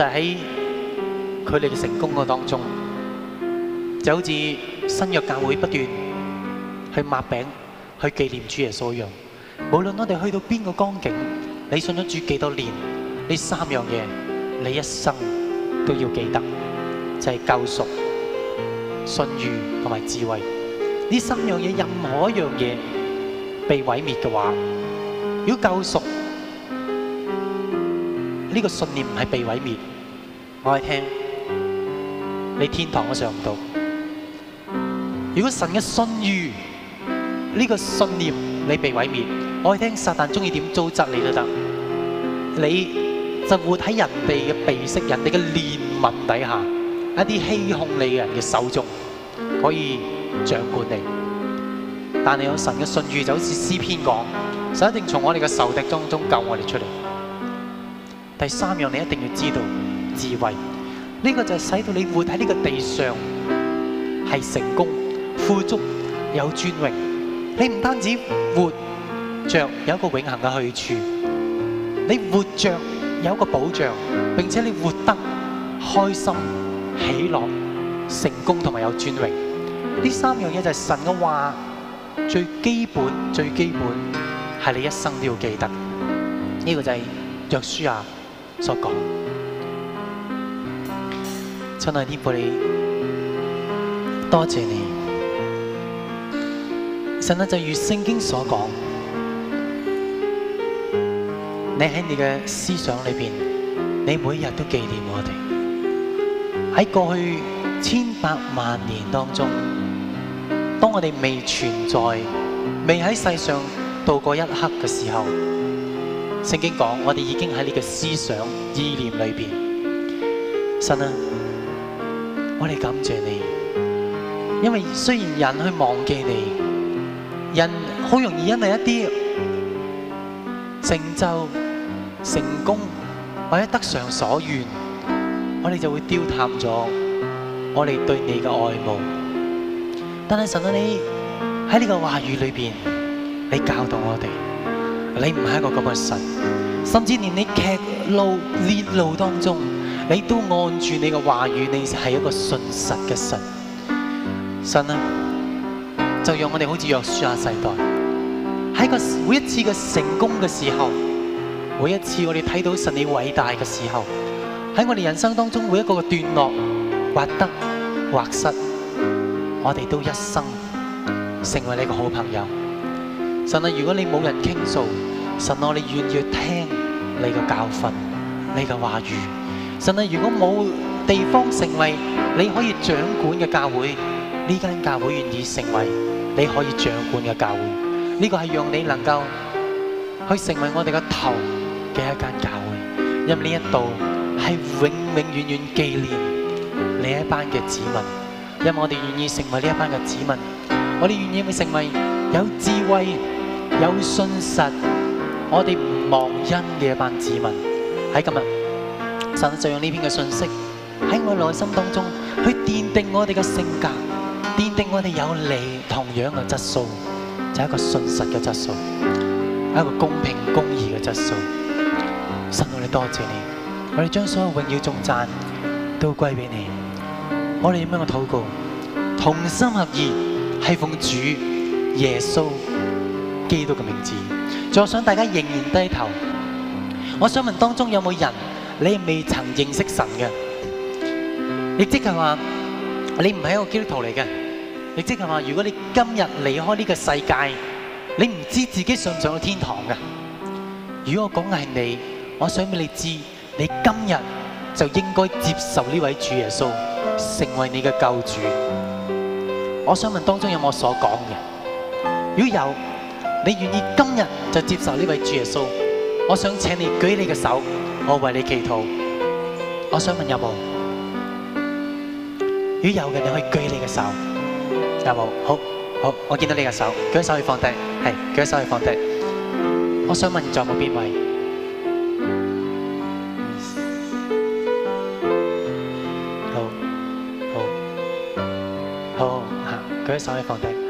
就喺佢哋嘅成功嘅當中，就好似新約教會不斷去擘餅，去紀念主耶穌一樣。無論我哋去到邊個光景，你信咗主幾多年，呢三樣嘢你一生都要記得，就係救贖、信譽同埋智慧這。呢三樣嘢任何一樣嘢被毀滅嘅話，如果救贖，呢個信念唔係被毀滅，我係聽你天堂都上唔到。如果神嘅信譽呢、這個信念你被毀滅，我係聽撒旦中意點糟質你都得，你就活喺人哋嘅鼻息、人哋嘅憐憫底下，一啲欺哄你嘅人嘅手中可以掌管你。但係有神嘅信譽就好似詩篇講，神一定從我哋嘅仇敵中中救我哋出嚟。第三樣你一定要知道智慧，呢、這個就係使到你活喺呢個地上係成功、富足、有尊榮。你唔單止活着有一個永恆嘅去處，你活着有一個保障，並且你活得開心、喜樂、成功同埋有尊榮。呢三樣嘢就係神嘅話，最基本、最基本係你一生都要記得。呢、這個就係、是、約書亞。所講，親愛的天父，你多謝你，神就如聖經所講，你喺你嘅思想裏面，你每日都紀念我哋。喺過去千百萬年當中，當我哋未存在，未喺世上度過一刻嘅時候。聖經講，我哋已經喺你嘅思想、意念裏面。神啊，我哋感謝你，因為雖然人去忘記你，人好容易因為一啲成就、成功或者得償所願，我哋就會丟淡咗我哋對你嘅愛慕，但係神啊，你喺呢個話語裏面，你教導我哋。你唔係一個咁嘅神，甚至連你劇怒烈怒當中，你都按住你嘅話語，你係一個信實嘅神。神啊，就讓我哋好似約書亞世代，喺個每一次嘅成功嘅時候，每一次我哋睇到神你偉大嘅時候，喺我哋人生當中每一個嘅段落，或得或失，我哋都一生成為你嘅好朋友。神啊，如果你冇人傾訴，神我哋願意聽你嘅教訓、你嘅話語。神啊，如果冇地方成為你可以掌管嘅教會，呢間教會願意成為你可以掌管嘅教會。呢個係讓你能夠去成為我哋個頭嘅一間教會。因為呢一度係永永遠遠紀念你一班嘅子民。因為我哋願意成為呢一班嘅子民，我哋願意會成為有智慧，有信實，我哋唔忘恩嘅一班子民喺今日，神就用呢篇嘅信息喺我內心當中去奠定我哋嘅性格，奠定我哋有利同樣嘅質素，就係一個信實嘅質素，係一個公平公義嘅質素。神我哋多謝你，我哋將所有榮耀頌讚都歸俾你。我哋點樣嘅禱告，同心合意係奉主耶穌，基督嘅名字，再想大家仍然低頭，我想問當中有冇人你未曾認識神嘅？亦即係話你唔係一個基督徒嚟嘅，亦即係話如果你今日離開呢個世界，你唔知自己上唔上到天堂嘅。如果我講嘅係你，我想俾你知，你今日就應該接受呢位主耶穌成為你嘅救主。我想問當中有冇所講嘅？如果有？你願意今日就接受呢位主耶穌？我想請你舉你嘅手，我為你祈禱。我想問有冇？如果有嘅，你可以舉你嘅手。有冇？好，好，我見到你嘅手，舉手可以放低，係，舉手可以放低。我想問你仲有冇邊位？好，好，好嚇，舉手可以放低。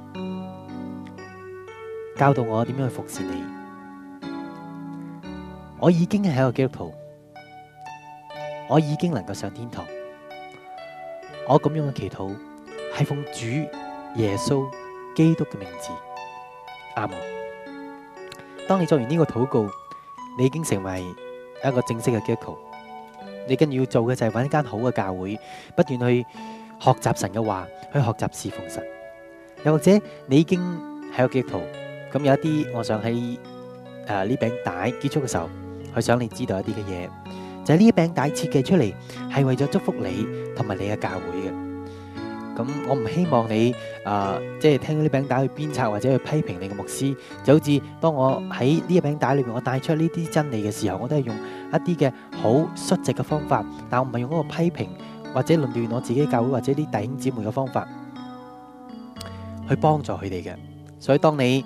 教導我點樣去服侍你，我已經係一個基督徒，我已經能夠上天堂。我咁樣嘅祈禱係奉主耶穌基督嘅名字，阿門。當你做完呢個禱告，你已經成為一個正式嘅基督徒。你跟住要做嘅就係揾一間好嘅教會，不斷去學習神嘅話，去學習侍奉神。又或者你已經係一個基督徒。咁有一啲，我想喺誒呢餅帶結束嘅時候，佢想你知道一啲嘅嘢，就係呢餅帶設計出嚟係為咗祝福你同埋你嘅教會嘅。咁我唔希望你誒，即係聽呢餅帶去鞭策或者去批評你嘅牧師，就好似當我喺呢餅帶裏面，我帶出呢啲真理嘅時候，我都係用一啲嘅好率直嘅方法，但我唔係用嗰個批評或者論斷我自己教會或者啲弟兄姊妹嘅方法去幫助佢哋嘅。所以當你，